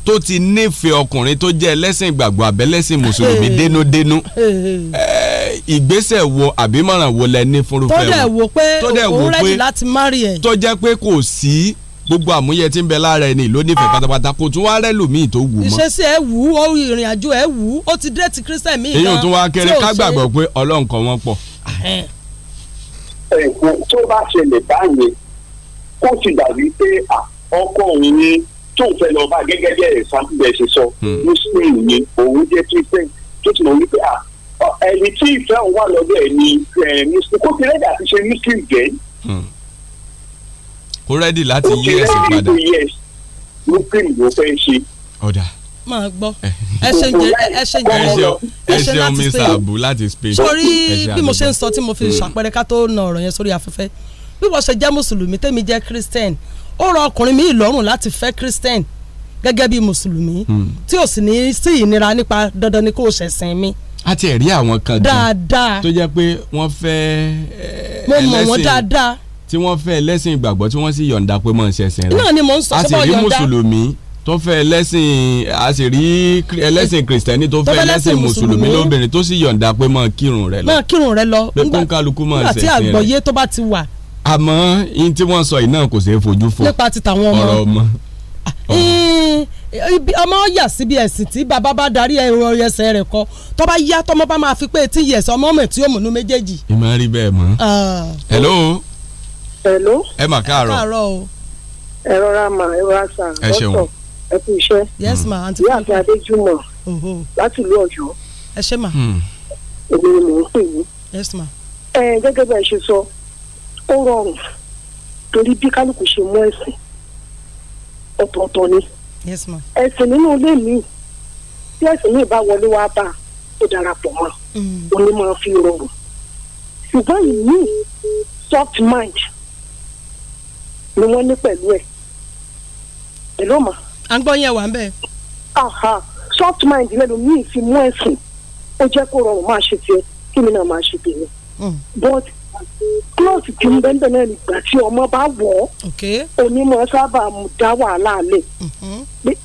tó ti nífẹ̀ẹ́ ọkùnrin tó jẹ́ ẹlẹ́sìn ìgbàgbọ́ àbẹ́lẹ́sìn mùsùlùmí dénúdénú eh, ìgbésẹ̀ wo àbímọ̀ràn wo lẹ ní fúnrúfẹ́ wọn tó dẹ̀ wò pé tó jẹ́ pé kò sí gbogbo àmúyẹ tí ń bẹ lára ẹni ló nífẹ̀ẹ́ ah. pátápátá kò tún wá rẹ́lòmíì tó wù mọ́. ìṣesí
ẹ wù ú ó ìrìn àjò ẹ wù ó ti dé ti kírísítẹ̀ míì náà. èyí ò tún wá kéré ká gbàgbọ́
pé ọlọ́run wọn pọ̀.
tó bá ṣẹlẹ̀
báyìí ó sì dàbí pé ọkọ òun ni tóun fẹ́ lọ bá gẹ́gẹ́ bí ẹ̀ sáńtúbẹ̀ ṣe sọ muslim ni òun jẹ́ christian tó ti mọ̀ wípé ẹni tí ìfẹ́ òun wà lọ́dọ̀ ẹ̀ ni muslim kó ti rẹ́dà ti ṣe muslim jẹ́. Hmm.
ó rẹ́dì láti yí ẹ̀sìn padà ó ti rẹ́dì tó yẹ muslim ló fẹ́ ṣe. ọ̀dà
máa gbọ́ eh. ẹ ṣe ń jẹ ẹ ṣe ń jẹ lọ ẹ ṣe
láti spain sórí bí mo ṣe ń sọ tí mo fi hmm. ṣàpẹẹrẹ
ká tó na ọ̀rọ̀ yẹn sórí afẹ́fẹ́ bí wọ́n ṣe jẹ́ mùsùlùmí tẹ́mi jẹ́ christian ó rọ ọkùnrin míì lọ́rùn láti fẹ́ christian gẹ́gẹ́ bí mùsùlùmí hmm. tí ò sì ní sí ìnira nípa dandan ni kò ṣẹ̀sìn mi. a ti rí àwọn kan gan
tó jẹ́ pé wọ́n fẹ́
eh, ẹlẹ́sìn
tí wọ́n fẹ́ ẹlẹ́sìn ìgbàgbọ́ tí wọ́n sì yọ̀ǹda pé mọ̀ ń ṣẹ̀sìn rẹ̀ náà ni mò ń sọ pé wọ́n yọ̀ǹda a sì rí mùsùlùmí tó fẹ́ ẹlẹ́sìn a sì rí ẹlẹ́sìn kìrìsìtẹ́nì tó fẹ́ ẹlẹ́sìn mùsùlùmí lóbìnrin tó sì yọ̀ǹda pé máa kírun rẹ̀ lọ. máa kírun rẹ̀ lọ nígbà tí àgbọ̀yé
tó bá ti wà àmọ́
yín tí wọ́n sọ yìí náà kò ṣeé fojú fo nípa
ti tàwọn ọmọ ọ̀rọ̀ ọmọ. ọmọ yà síbi ẹ̀sìn tí bàbá bá darí ẹ̀rọ ẹsẹ̀ rẹ̀ kọ tó bá yá tọmọ bá máa fi pé etí yẹ̀sẹ̀ ọmọ mẹ̀ tí ó múnú méjèèjì.
ẹ máa rí bẹ́ẹ̀ mọ́. Ah. hello. hello. ẹ mà káàárọ̀. ẹ
káàárọ̀ o. ẹ rọra mà ẹ rọra sà lọ́tọ̀ ẹ kú iṣẹ́. yes ma aunty. ìyá àti adéjúmọ̀ láti ìlú ọ̀yọ́. ẹ ṣe ma. Hmm. èmi ni mò ń pè yín. yes ma. ẹ gẹ́gẹ́ bẹ́ẹ̀ ṣe sọ ó rọrùn torí bí kálukú ṣe mú ẹ̀sìn ọ̀tọ̀ọ̀tọ̀ ni
ẹ̀sìn nínú ilé mi tí ẹ̀sìn mi bá wọlé wá bá ó darapọ̀ mọ́ òní mm. máa fi rọrùn ṣùgbọ́n ìmí soft mind ni wọ́n ní pẹ̀lú ẹ̀ pẹ̀lú ọ̀ma. à ń gbọ́ yẹn wà ń bẹ̀. soft mind lẹ́nu mi fi mú ẹ̀sìn ó jẹ́ kó rọrùn máa ṣe tiẹ̀ kí mi náà máa ṣe tèmi mm. but kílọ̀sì tí ń bẹ́ẹ̀ náà nígbà tí ọmọ bá wọ̀ ọ́ onímọ̀ sábà dá wàhálà lẹ̀ mhm.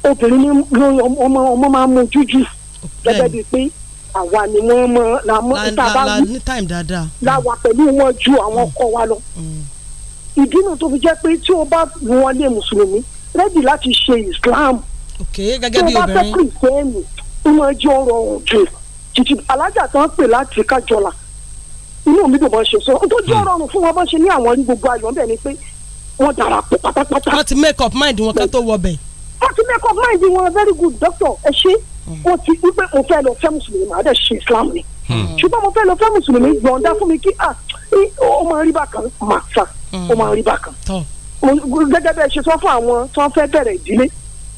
obìnrin ní ọmọ ọmọ máa ń mojú gẹ́gẹ́ bíi pé àwa ni wọ́n mọ la mọ ìtaba láwa pẹ̀lú wọn ju àwọn mm. ọkọ wa lọ mm. ìdí náà tó fi jẹ́ pé tí o bá wọlé mùsùlùmí rẹ́dì láti ṣe Islam tí o bá fẹ́ kìrìsìtẹ́nì ó máa jẹ́ ọ̀rọ̀ ọ̀jọ̀ títí alájà tán pè láti kájọlà inú mi dùn bọ́n ṣe sọ tó jẹ́ hmm. ọ̀rọ̀ fún wọn bọ́n ṣe ní àwọn rí gbogbo ayọ̀ bẹ́ẹ̀
ni pé wọ́n darapọ̀ pátápátá. wọ́n ti make up mind wọn ká tó wọ bẹ̀. wọ́n ti make up mind wọn very good doctor ẹ ṣe wọ́n hmm. ti wípé mo fẹ́ lọ fẹ́ mùsùlùmí màá dẹ̀ ṣe islam ni
hmm.
ṣùgbọ́n mo fẹ́ lọ fẹ́ mùsùlùmí yọ̀ǹda fún mi kí ah, ó máa rí bákan màá sá ó máa rí bákan gẹ́gẹ́ bẹ́ẹ̀ ṣe sọ fún àwọn tó ń fẹ́ bẹ̀rẹ̀ ìdílé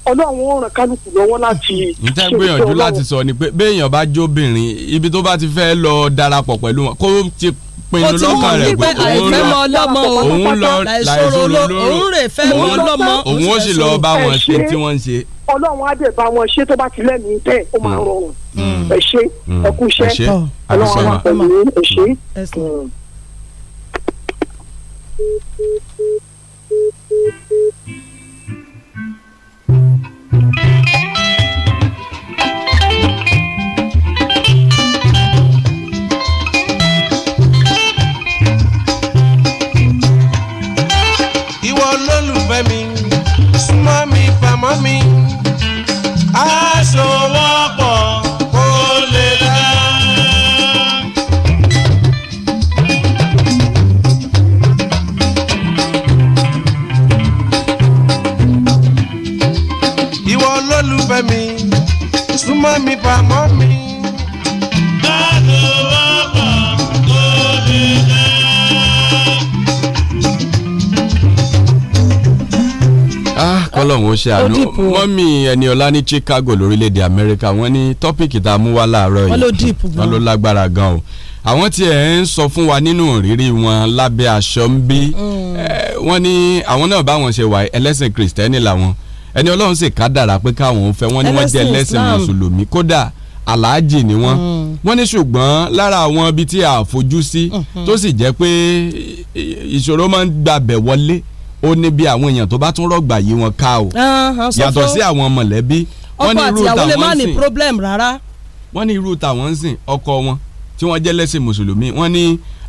ọlọ́run ó ràn kálukú lọ́wọ́ láti. n tẹ́ gbìyànjú láti
sọ ni pé béèyàn bá jóbìnrin ibi tó bá ti fẹ́ lọ darapọ̀ pẹ̀lú wọn kó ti pinnu lọ́kàn rẹ̀ pé òun lọ òun lọ láìsòro lóró òun ó sì lọ bá wọn ṣe tí wọ́n ń ṣe.
ọlọ́run á dẹ̀ bá wọn ṣe tó bá ti lẹ́mìí tẹ̀ ó máa mm. rọrùn
mm. ẹ ṣé mm. ẹ kú iṣẹ́
ọlọ́run á pẹ̀lú ẹ ṣé. Thank you.
fẹ́ mi súnmọ́ mi pamọ́ mi.
ṣe àánú mọ́mì Ẹniọlá ní Chicago lórílẹ̀‐èdè Amẹ́ríkà wọ́n ní tọ́pìkì tá a mú wá láàárọ̀ yìí wọ́n ló lágbára gan o àwọn tí ẹ̀ ń sọ fún wa nínú ìrírí wọn lábẹ́ aṣọ ń bí mm. wọ́n ní àwọn náà báwọn ṣe wà ẹlẹ́sìn Kristẹni làwọn ẹni Ọlọ́run sì ká dára pé káwọn ń fẹ́ wọ́n ní wọ́n jẹ́ ẹlẹ́sìn Mùsùlùmí kódà aláàjì ni wọ́n mm. wọ́n ní ṣùgbọ́n lára àwọn ibi tí a fojú sí mm-hmm. tó sì jẹ́ pé ìṣòro máa ń gbabẹ̀ wọlé ó ní bí àwọn èèyàn tó bá tún rọ̀gbà yí wọn ká o yàtọ̀ sí àwọn mọ̀lẹ́bí wọ́n ní irú tàwọn ń sìn wọ́n ní irú tàwọn ń sìn ọkọ wọn tí wọ́n jẹ́ lẹ́sìn mùsùlùmí wọ́n ní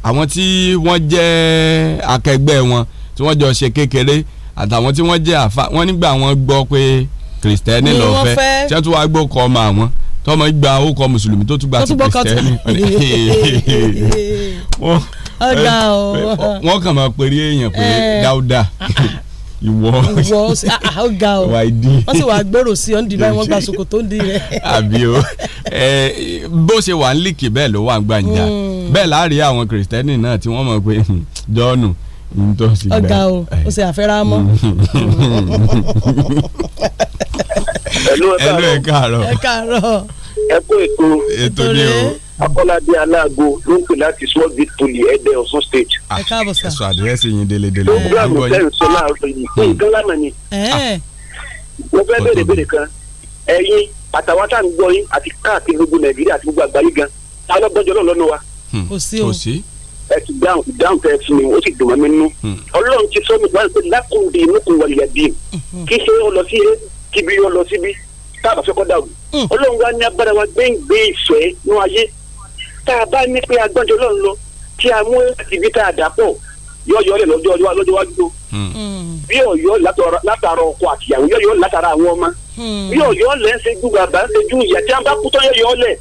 àwọn tí wọ́n jẹ́ akẹgbẹ́ wọn tí wọ́n jọ ṣe kékeré àtàwọn tí wọ́n jẹ́ àfa wọ́n nígbà wọn gbọ́ pé kìrìsìtẹ́nì lọ́fẹ́ tí wọ́n tún wá gbọ́ kọ́ ọmọ àwọn tọ́mọ gba ó kọ mùsùlùmí tó tún gba ti kìrìsìtẹ́nì [laughs] [laughs] ọ̀dà o. wọ́n kàn máa pèrè èèyàn pé eh. dáúdà ah, ah. ìwọ ìwọ ọ̀gá ah, o wọ́n sì wà gbòòrò sí ọ̀ǹdì náà wọ́n gba ṣòkòtò ń di àbí o eh, bó ṣe wà ń líkì bẹ́ẹ̀ ló wà ń hmm. bẹ́ẹ̀ àwọn náà tí wọ́n mọ̀ pé hmm, jọ́ọ̀nù
ẹnu [laughs] ẹ kó ètò ètò ni o akọ́ládé
aláàgọ́ ló ń pè láti small bit poly ẹ̀dẹ̀ ọ̀ṣun state.
Ah, ẹ káàbọ̀ sá ẹ̀sọ́ àdírẹ́sì yín délédélé. ó gbàgbọ́ sẹ́yìn sọ
láàárọ̀ yìí pé hmm. nǹkan lánàá ni. Eh. Ah. mo fẹ́ bẹ̀rẹ̀ bẹ̀rẹ̀ kan ẹ̀yin àtàwọn tá à ń gbọ́ yín àti káàkiri gbogbo nàìjíríà àti gbogbo àgbáyé gan ta ló gbọ́njọ́ náà lọ́nà wa. Hmm. kò sí o ẹ ti dáhùn dáhùn tẹ ẹ fún mi ó sì dùn mọ́ mi nínú hmm. ọlọ́run ti sọ mi gbọ́dọ̀ pé lákùndé inú kò wà tá a bá fẹ́ kọ́ dàrú hmm. ọlọ́run wa ní agbára wa gbé ìgbé ìfẹ́ ní ayé tá a bá ní pé agbọ́njọ ọlọ́run lọ tí a mú ibi tá a dà pọ̀ yọ̀ọ̀yọ̀ rẹ̀ lọ́jọ́ lọ́jọ́ wájú
hmm.
bí ọ̀yọ́ látara ọkọ àtìyàwó yọ̀ọ̀yọ̀ látara àwọn ọmọ hmm. bí ọ̀yọ́ lẹ̀ ń ṣe ju bàbá ń ṣe ju ìyá tí a bá kú tán yọ̀ọ̀yọ̀ lẹ̀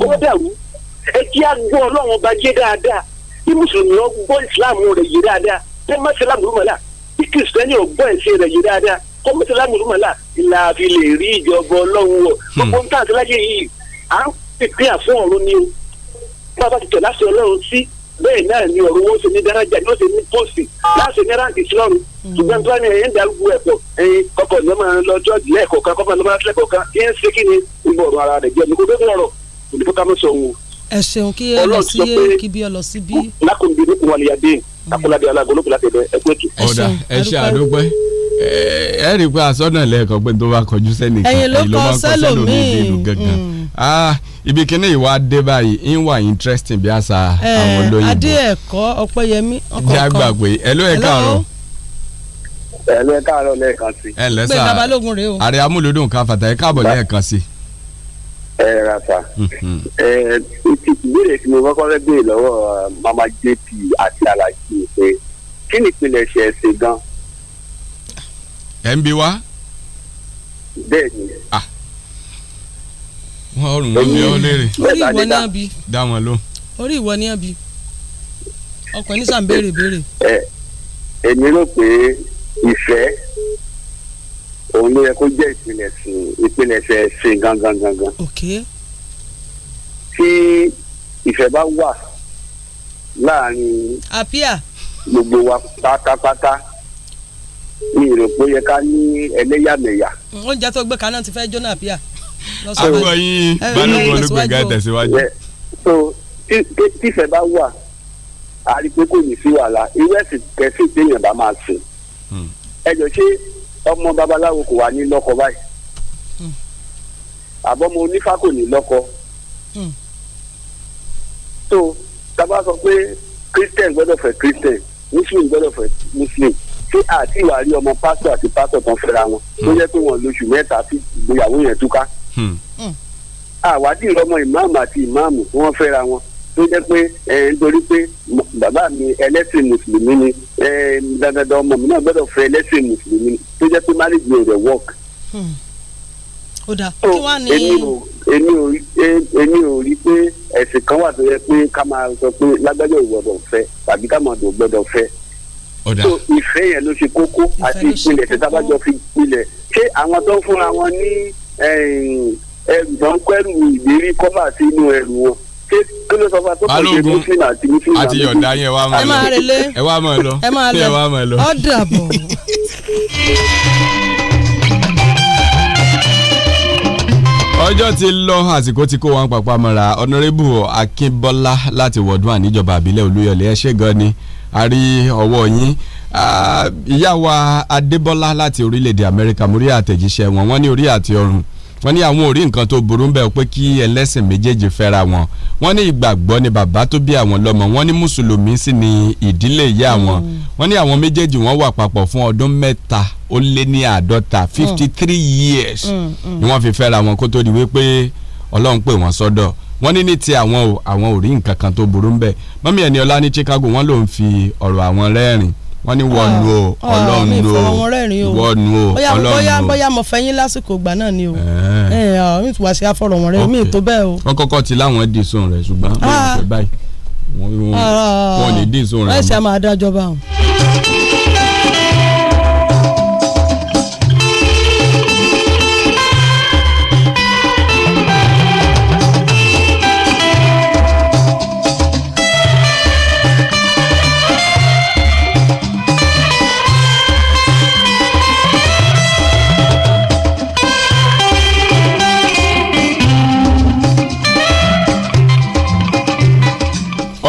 kọ́ dàrú ẹ kí a gbọ́ ọlọ́run ọba jẹ́ dáadáa bí mùsùlùmí ọ gbọ́ ìsìláàmù rẹ̀ yé dáadáa bí mọ́sálàmù rẹ̀ mọ́lá bí kìrìsìtẹ́nì ọ gbọ́ ìsìn rẹ̀ yé dáadáa kọ́mítì lámùrúmọ́lá ìlà àfi lè rí ìjọba ọlọ́run wọ̀ hmm. gbogbo ń tàǹtí láyé yìí à ń pèpè àfún ọ̀run ni o bá a bá ti tẹ̀ láti ọlọ́run sí bẹ́ẹ̀ náà ni ọ̀rọ̀ wọn ṣe ní dáràjà ni wọ́n ṣe ní pósì láṣẹ ní ráǹkì sílọ́run ṣùgbọ́n tí wọ́n ní ẹ̀yìn dàrúgbù ẹ̀pọ̀ ẹ̀yìn kọ́kọ́ ni wọ́n máa ń lọ jọ́ọ̀jì lẹ́ẹ̀kọ̀ọ̀kan kọ́kọ́ ni wọ́n máa ń lẹ́ẹ̀kọ̀ọ̀kan kí ń ṣe kí ni ìbọn ọ̀rọ̀ ara rẹ̀ jẹ́ mi kò gbé ọ̀rọ̀ òdìbò ká mọ̀ sọ̀hún. ẹ ṣeun kí
ẹ lọ sí kí bí ọ lọ sí bí. lákòóbì ní kò
Akọ́ládé alágolo láti ẹ̀dẹ̀ ẹgbẹ́ èkó. ọ̀dà ẹ ṣe àdópẹ́ ẹ rí i pé asọ́nà pé tó bá kọjú sẹ́nìkan èyí ló kọ sẹ́lòmíì nínú gangan mm. ah, ibi kíní ìwà dé báyìí ń wà interesting bí àṣà àwọn olóyìnbó. adé
ẹ̀kọ́ ọ̀pẹ́yẹmí ọkọ̀ọ̀kan. jẹ́ àgbà pé
ẹ̀ ló ẹ̀ káàárọ̀ ẹlẹ káàárọ̀ lẹ́ẹ̀kan sí. ẹ lẹsà gbẹdà
balógun rèé o. àrẹ
amúlùdùn kan fàtà ẹ ra sa mm-hmm.
ẹ ìbéèrè
tí mo kọ́kọ́ fẹ́ béèrè lọ́wọ́ uh, mama jp àti alhaji pé kí ni ìpìlẹ̀ ṣe
é ṣe gan. ẹ ń bi wá. bẹ́ẹ̀ ni. wọn ò rùn wọn bí ọ léèrè. orí ìwọ ni àbí. dá wọn ló.
orí ìwọ ni àbí. ọkùnrin ní sàn béèrè béèrè. ẹ èmi
rò pé ìfẹ́ òun ló yẹ kó jẹ́ ìpìlẹ̀ sìn ìpìlẹ̀ sìn gangan gangan. tí ìfẹ́ bá wà láàrin gbogbo wa pátápátá mi rò pé ó yẹ ká ní ẹlẹ́yàmẹ̀yà.
oúnjẹ tó gbé kaná ti fẹ́ jóná àpíà. àgọ́ yín balùwẹ̀ ló gbẹ̀gà tẹ̀síwájú. so
tífẹ̀ bá wà a rí i pé kò ní sí wàhálà irú ẹ̀sìn kẹsì téèyàn bá máa sìn. Hmm. ẹ jọ ṣé ọmọ babaláwo kò wá ní lọ́kọ báyìí hmm. àbọ̀mọ onífá kò ní lọ́kọ tó hmm. tábà sọ pé christian gbọ́dọ̀ fẹ́ christian muslim gbọ́dọ̀ fẹ́ muslim ṣé àti ìwà rí ọmọ pásítọ̀ àti pásítọ̀ tán fẹ́ra wọn tó hmm. yẹ pé wọ́n lóṣù mẹ́ta sí ìgbéyàwó yẹn túká àwádìí ọmọ ìmáàmù àti ìmáàmù wọ́n fẹ́ra wọn tó jẹ́ pé nítorí pé bàbá mi ẹlẹ́sìn mùsùlùmí ni dandandan ọmọ mi náà gbọ́dọ̀ fẹ́ ẹlẹ́sìn mùsùlùmí ni tó jẹ́ pé marriage no dey work.
Hmm. ó dà kí wàá ní. èmi
ò èmi ò rí pé ẹ̀sìn kan wà tó yẹ pé ká máa sọ pé lágbájọ́ ìgbọ́dọ̀ fẹ́ tàbí ká máa dò gbọ́dọ̀ fẹ́ so ìfẹ́ yẹn ló ṣe kókó àti ìpìlẹ̀ tẹ́tà bá jọ fi pilẹ̀ ṣé àwọn tó ń fúnra wọn ní ẹrù tó ń kẹ́rù ìlérí kọ́fà sínú ẹrù wọn
balógun àti yọ̀ǹda yẹn wà máa lọ ẹ wà máa lọ ẹ wà máa lọ. ó dàbọ̀. ọjọ́ ti lọ àsìkò tí kó wọn pàpà mọ́ra ọ̀nàrẹ́bù akínbọ́lá láti wọ̀dún àníjọba àbílẹ̀ olúyọ̀lé ẹ ṣé gan ni a rí ọwọ́ yín ìyá wa adébọ́lá láti orílẹ̀-èdè amẹ́ríkà mórí àtẹ̀jíṣẹ́ wọn wọ́n ní orí àti ọrùn wọ́n ní àwọn ò rí nǹkan tó burú bẹ́ẹ̀ pé kí ẹlẹ́sìn méjèèjì fẹ́ra wọn wọ́n ní ìgbàgbọ́ ni bàbá tó bí àwọn lọ́mọ wọ́n ní mùsùlùmí sì ni ìdílé ìyá wọn mm. wọ́n ní àwọn méjèèjì wọ́n wà papọ̀ fún ọdún mẹ́ta ó lé ní àádọ́ta mm. fifty three years
mm, ni wọ́n
fi fẹ́ra wọn kó tó di wípé ọlọ́run pè wọ́n sọ́dọ̀ wọ́n ní ní ti àwọn ò àwọn ò rí nǹkan kan tó burú bẹ́ẹ̀ mọ́mí ẹni ọlá ní Chicago wọ́n lòún fi ọ̀rọ̀ àwọn rẹ́rìn-ín wọ́n ní wọ́n nu o ah, ah, ọlọ́run nu o wọ́n nu o ọlọ́run nu o. bóyá bóyá
mo fẹ́ yín lásìkò ìgbà náà ni o ah, mi tún wá sí afọ̀rọ̀ wọn rẹ mi tó bẹ́ẹ̀ o.
wọ́n kọ́kọ́ ti láwọn dì sóun rẹ̀ ṣùgbọ́n wọ́n lè dì sóun rẹ̀. wọ́n ṣe
máa dájọ́ báwọn.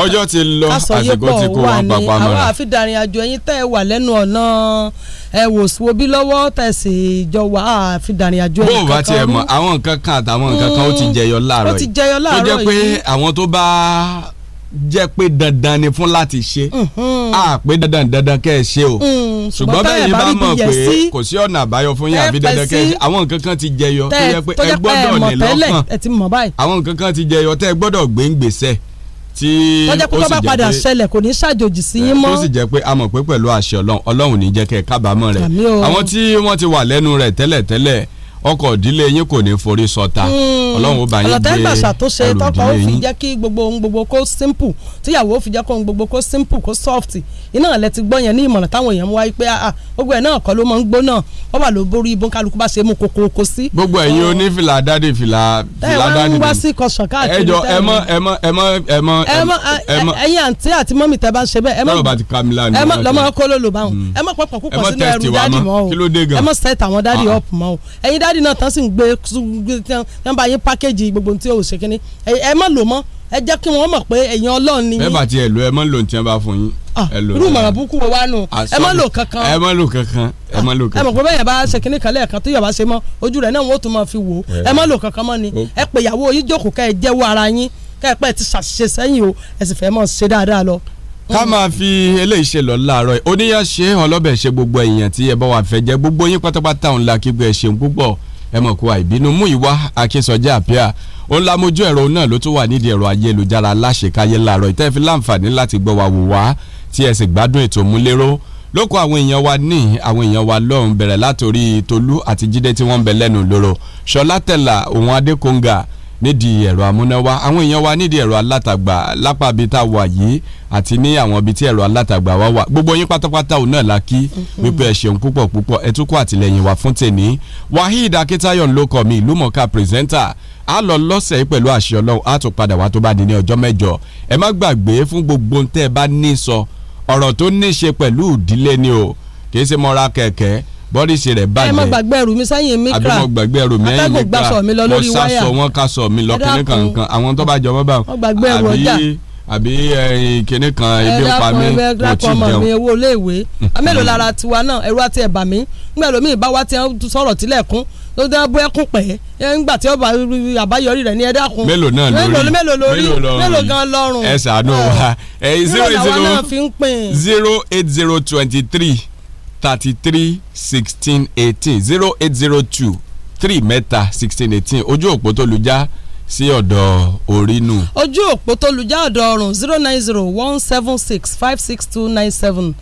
ọjọ́ ti lọ àsìkò ti kó wọn papá mọ́ra. àwọn
àfidàrin àjò ẹ̀yin tẹ́ ẹ wà lẹ́nu ọ̀nà ẹ wò sùn obi lọ́wọ́ tẹ̀sí ìjọ wà àfidàrin àjò ẹ̀yin kankan. bó o bá tiẹ̀ mọ̀
àwọn nǹkan kan àtàwọn nǹkan kan ó ti mm, jẹyọ láàárọ̀ yìí ó ti jẹyọ láàárọ̀ yìí tó jẹ́ pé àwọn tó bá jẹ́ pé dandan ni fún láti ṣe mm-hmm. a pé dandan dandan kẹ́ ẹ ṣe o
mm, ṣùgbọ́n bẹ́ẹ̀ yìí bá mọ̀ pé
kò sí ọ̀nà àbáyọ fún yín àbí dandan kẹ́ ẹ ṣe àwọn nǹkan kan ti jẹyọ tó yẹ pé ẹ gbọ́dọ̀ ní lọ́kàn àwọn nǹkan kan ti jẹyọ tẹ́ ẹ gbọ́dọ̀ gbé ń gbèsè tí ó sì jẹ́ pé tó bá padà ṣẹlẹ̀
kò ní ṣàjòjì sí yín mọ́. tó sì
jẹ́ pé a mọ̀ pé pẹ̀lú àṣẹ ọlọ́run ọlọ́run ní jẹ́ kẹ́ kábàámọ̀ rẹ̀ àwọn tí wọ́n ti wà lẹ́nu rẹ̀ tẹ́lẹ̀tẹ́lẹ̀ ọkọ̀ ìdílé yín kò ní forí sọta hmm. ọlọ́run ó bá yín gbé ọlọ́tẹ́ gbàṣà tó jẹ́
kí gbogbo ohun gbogbo kó simple tíyàwó ó fi jẹ́ kó ohun gbogbo kó simple kó soft iná lẹ ti gbọ́ yẹn ní ìmọ̀ràn táwọn èèyàn wáyé pé ah, ah, gbogbo ẹ̀ náà kọ́ ló máa ń gbóná wọ́n wà ló borí ibùn kálukú bá ṣe mú kokoko sí. gbogbo ẹ̀yin hmm.
onífìlà dáde fìlà fìlà dáde mi
ẹ jọ ẹ mọ
ẹ mọ ẹ mọ ẹ mọ ẹ mọ
ẹ̀yin àǹtí àti mọ́mì tẹ́ bá ń ṣe bẹ́ẹ̀ ẹ mọ ẹ mọ lọ́mọ kólólò báwọn hmm. ẹ mọ pọ̀pọ̀ púpọ̀ sínú ẹrù dáàdì mọ́ o ẹ mọ set àwọn dáàdì ah. up mọ́ o ẹ̀yin dáàd dádì náà tán sì ń gbé tán bá yín pákéjì gbogbo tí o ṣe kínní ẹ má lò mọ́ ẹ jẹ́ kí wọ́n mọ̀ pé ẹ̀yin ọlọ́run ni yín. bẹ́ẹ̀ bá ti
ẹ̀ lo ẹ má lò ní tí wọ́n bá fún yín ah, irú màmá
búkú wo wá nù ah, ẹ má lò kankan ẹ má
lò kankan ẹ ah, má lò kankan ẹ mọ̀
pé bẹ́ẹ̀ yẹn bá ṣe kínní kan lẹ́ẹ̀kan tó yẹ̀ bá ṣe mọ́ ojú rẹ̀ náà wọ́n tún máa fi wò ẹ má lò kankan mọ́ ni oh. ẹ pè ìyàwó yín jókòó ká ẹ jẹ́wọ́ ara yín ká ẹ pẹ́ ti ṣàṣìṣe sẹ́yìn o ẹ sì fẹ́ mọ̀ ṣe dáadáa lọ ká
máa fi eléyìí ṣe lọ láàárọ̀ oníyàn ṣe hàn lọ́bẹ̀ ṣe gbogbo èèyàn tí ẹ bá wà fẹ́ jẹ́ gbogbo yín pátápátá òun la kígbe ṣeun púpọ̀ ẹ mọ̀ kó àìbínú mú ìwá akínsọjá àpíà ó lámójú ẹ̀rọ náà ló tún wà nídìí ẹ̀rọ ayélujára aláṣekáyé láàárọ̀ ìtẹ́ẹ̀fi láǹfààní láti gbọ́ wa wò wá tí ẹ sì gbádùn ètò múléró lóko àwọn èèyàn wa ní àwọn èèyàn wa lọ́hùn bẹ̀rẹ̀ látòrí Tolú àti Jídé tí wọ́n ń bẹ lẹ́nu lóró Ṣọlá Tẹ̀là òun Adékòǹgà nídìí ẹ̀rọ amúnáwá àwọn èèyàn wa nídìí ẹ̀rọ alátagbà lápá ibi tá a wà yìí àti ní àwọn ibi tí ẹ̀rọ alátagbà wa wà gbogbo yín pátápátá òun náà la kí mhm. wípé ẹ ṣeun púpọ̀ púpọ̀ ẹ tún kó àtìlẹyìn wa fún tèmi Waheed Akitayo ńlọkọ mi ìlú mọ̀ọ́ká pírẹsẹ́ńtà a lọ lọ́sẹ̀ yìí pẹ̀lú àṣẹ ọlọ́run a tún padà wá tó bá di ní ọjọ́ mẹ́jọ ẹ má gbàgbé fún gbogbo tẹ́ ẹ bá ní sọ ọ̀rọ̀ tó ní ṣe pẹ̀lú ìdílé ni o kì í ṣe mọ́ra kẹ̀kẹ́ bọ́dísì rẹ̀ bàjẹ́ ẹ mọ
gbàgbé ẹrù mi sẹ́yìn mi kra àbí mọ
gbàgbé ẹrù mi ẹ̀yìn mi kra mọ sasọ wọn ká sọ mi lọ kínní kankan àwọn tó bá jọmọ bá àbí àbí kínní kan ebi ń pa mi kò tí jẹun. ọmọ mi
owó iléèwé [laughs] amélòó lára tiwa náà ẹrú àti ẹ̀bà mi nígbà lómi ìbáwá ti sọ̀rọ̀ tilẹ̀kùn ló dá bó ẹkún pẹ́ ẹ ńgbà tí ó bá àbáyọrí rẹ̀ ní ẹ dákun mélòó náà lórí mélòó lórí mélòó gan lọ́rùn ẹ ṣàánú wa ah. ẹ zero zero
zero eight zero twenty three thirty three sixteen eighteen zero eight zero two three mẹ́ta sixteen eighteen ojú òpó tó lu já sí ọ̀dọ̀ orinu.
ojú òpó tó lu já ọ̀dọ̀ ọ̀run zero nine zero one seven six five six two nine seven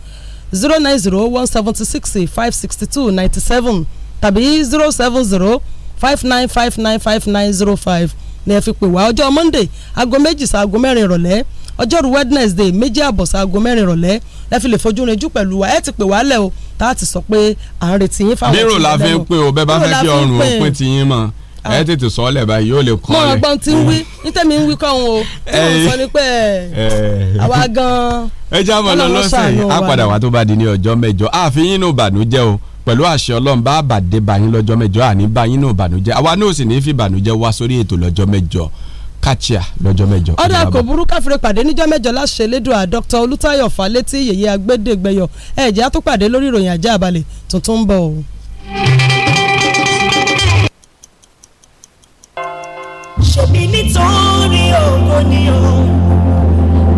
zero nine zero one seventy six five six two ninety seven tàbí zero seven zero five nine five nine five nine zero five ní ẹ fi pè wá ọjọ́ monday aago méjì sí aago mẹ́rin ìrọ̀lẹ́ ọjọ́rú wednesday méjì àbọ̀sà aago mẹ́rin ìrọ̀lẹ́ ẹ fi lè fojú rinjú pẹ̀lú wa ẹ ti pè wá lẹ̀ o tá a ti sọ pé à ń retí yín fáwọn tí ìlẹ̀ lọ. bírò la fi ń pè o bẹ́ẹ̀ bá fẹ́ kí ọrùn òpin
ti yín mọ́ ah. ẹ tètè sọ ọ́lẹ̀ báyìí yóò lè kọ́ ọ́lẹ̀. mo ọgbọ́n ti ń wí
nítẹ̀mí ń wí kọ́ òun o tí mo sọ ni pé
eh. àwa
gan-an. ẹ já
mọ́ o pẹ̀lú àṣẹ ọlọ́run bá bàdé báyìí lọ́jọ́ mẹ́jọ àní báyìí ní ìbànújẹ́ àwa náà sì ní í fi ìbànújẹ́ wá sórí ètò lọ́jọ́ mẹ́jọ kàchíà lọ́jọ́ mẹ́jọ. ọ̀dà kò
burú káfíńrẹ́ pàdé níjọ́ mẹ́jọ láṣẹ lẹ́dùá dr olùtayọ̀ falẹ́tì yèyé agbẹ́dẹ́gbẹ́yọ ẹ̀jẹ̀ á tó pàdé lórí ìròyìn ajá àbálẹ̀ tuntun ń bọ̀ o.
ṣèbí nítorí ògo ni o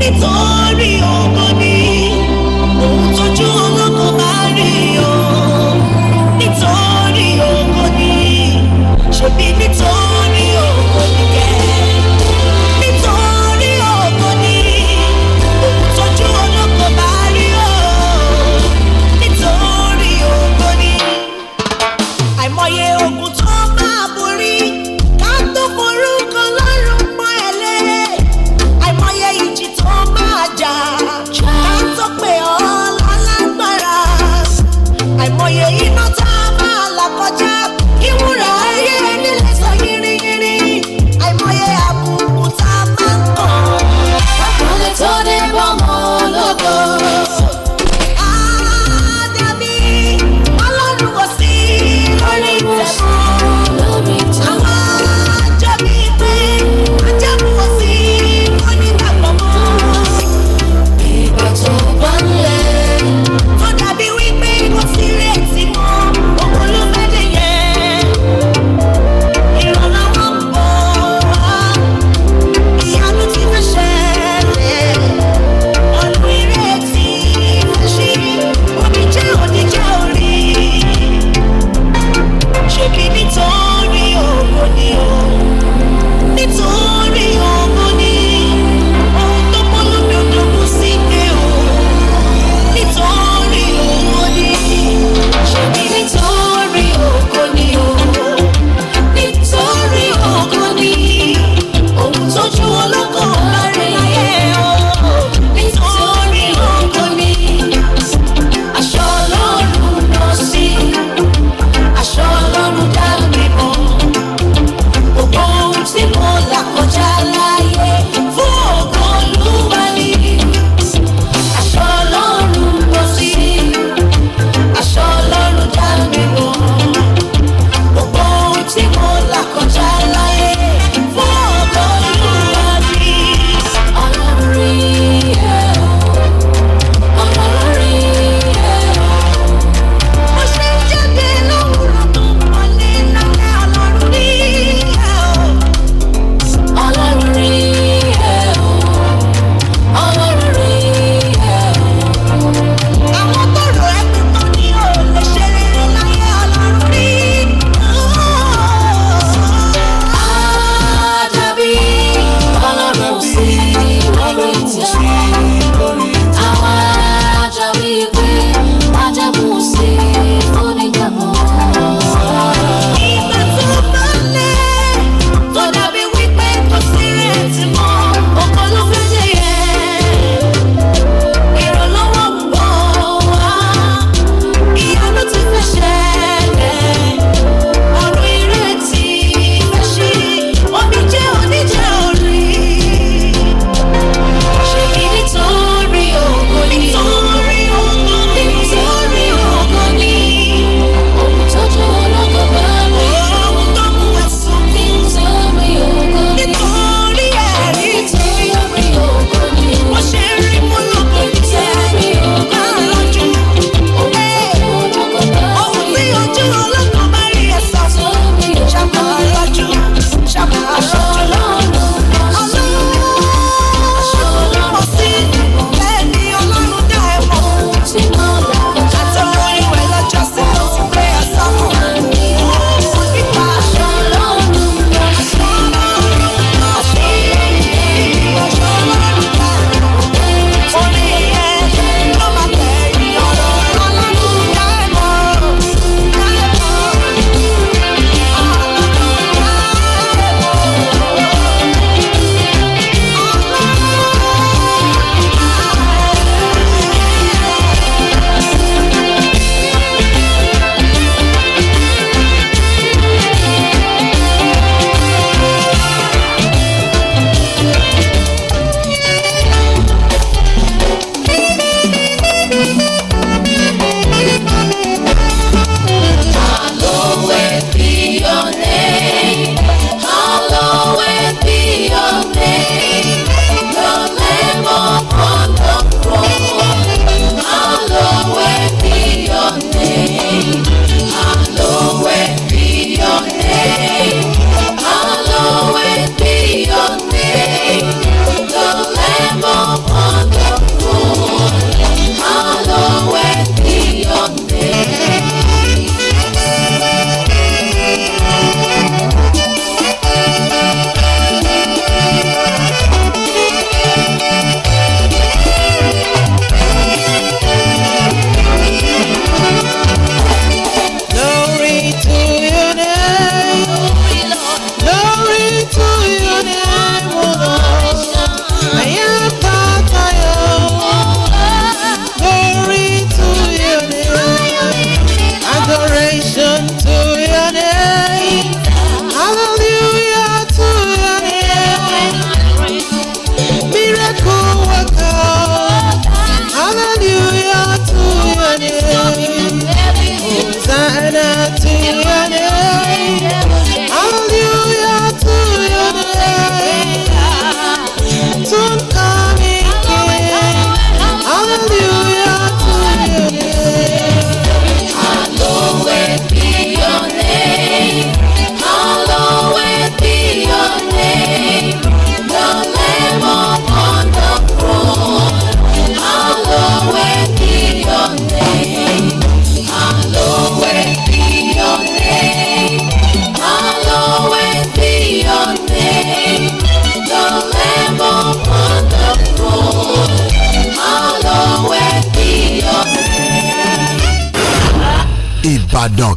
nítorí ògo ni òun tójú olóko bá rí o nítorí ògo ni ṣèbí nítorí.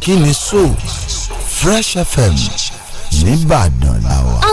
ìkànnì kí ni so Fresh FM nìbàdàn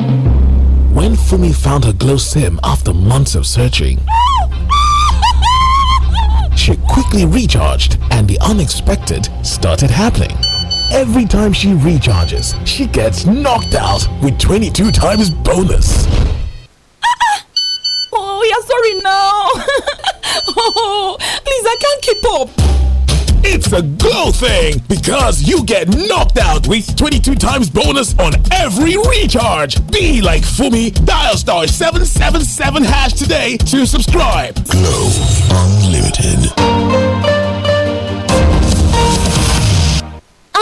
when Fumi found her glow sim after months of searching, she quickly recharged and the unexpected started happening. Every time she recharges, she gets knocked out with 22 times bonus. Oh, we
are sorry now.
[laughs] oh, please, I can't keep up. It's a glow thing because you get knocked out with 22 times bonus on every recharge. Be like Fumi, dial star 777 hash today to subscribe. Glow Unlimited.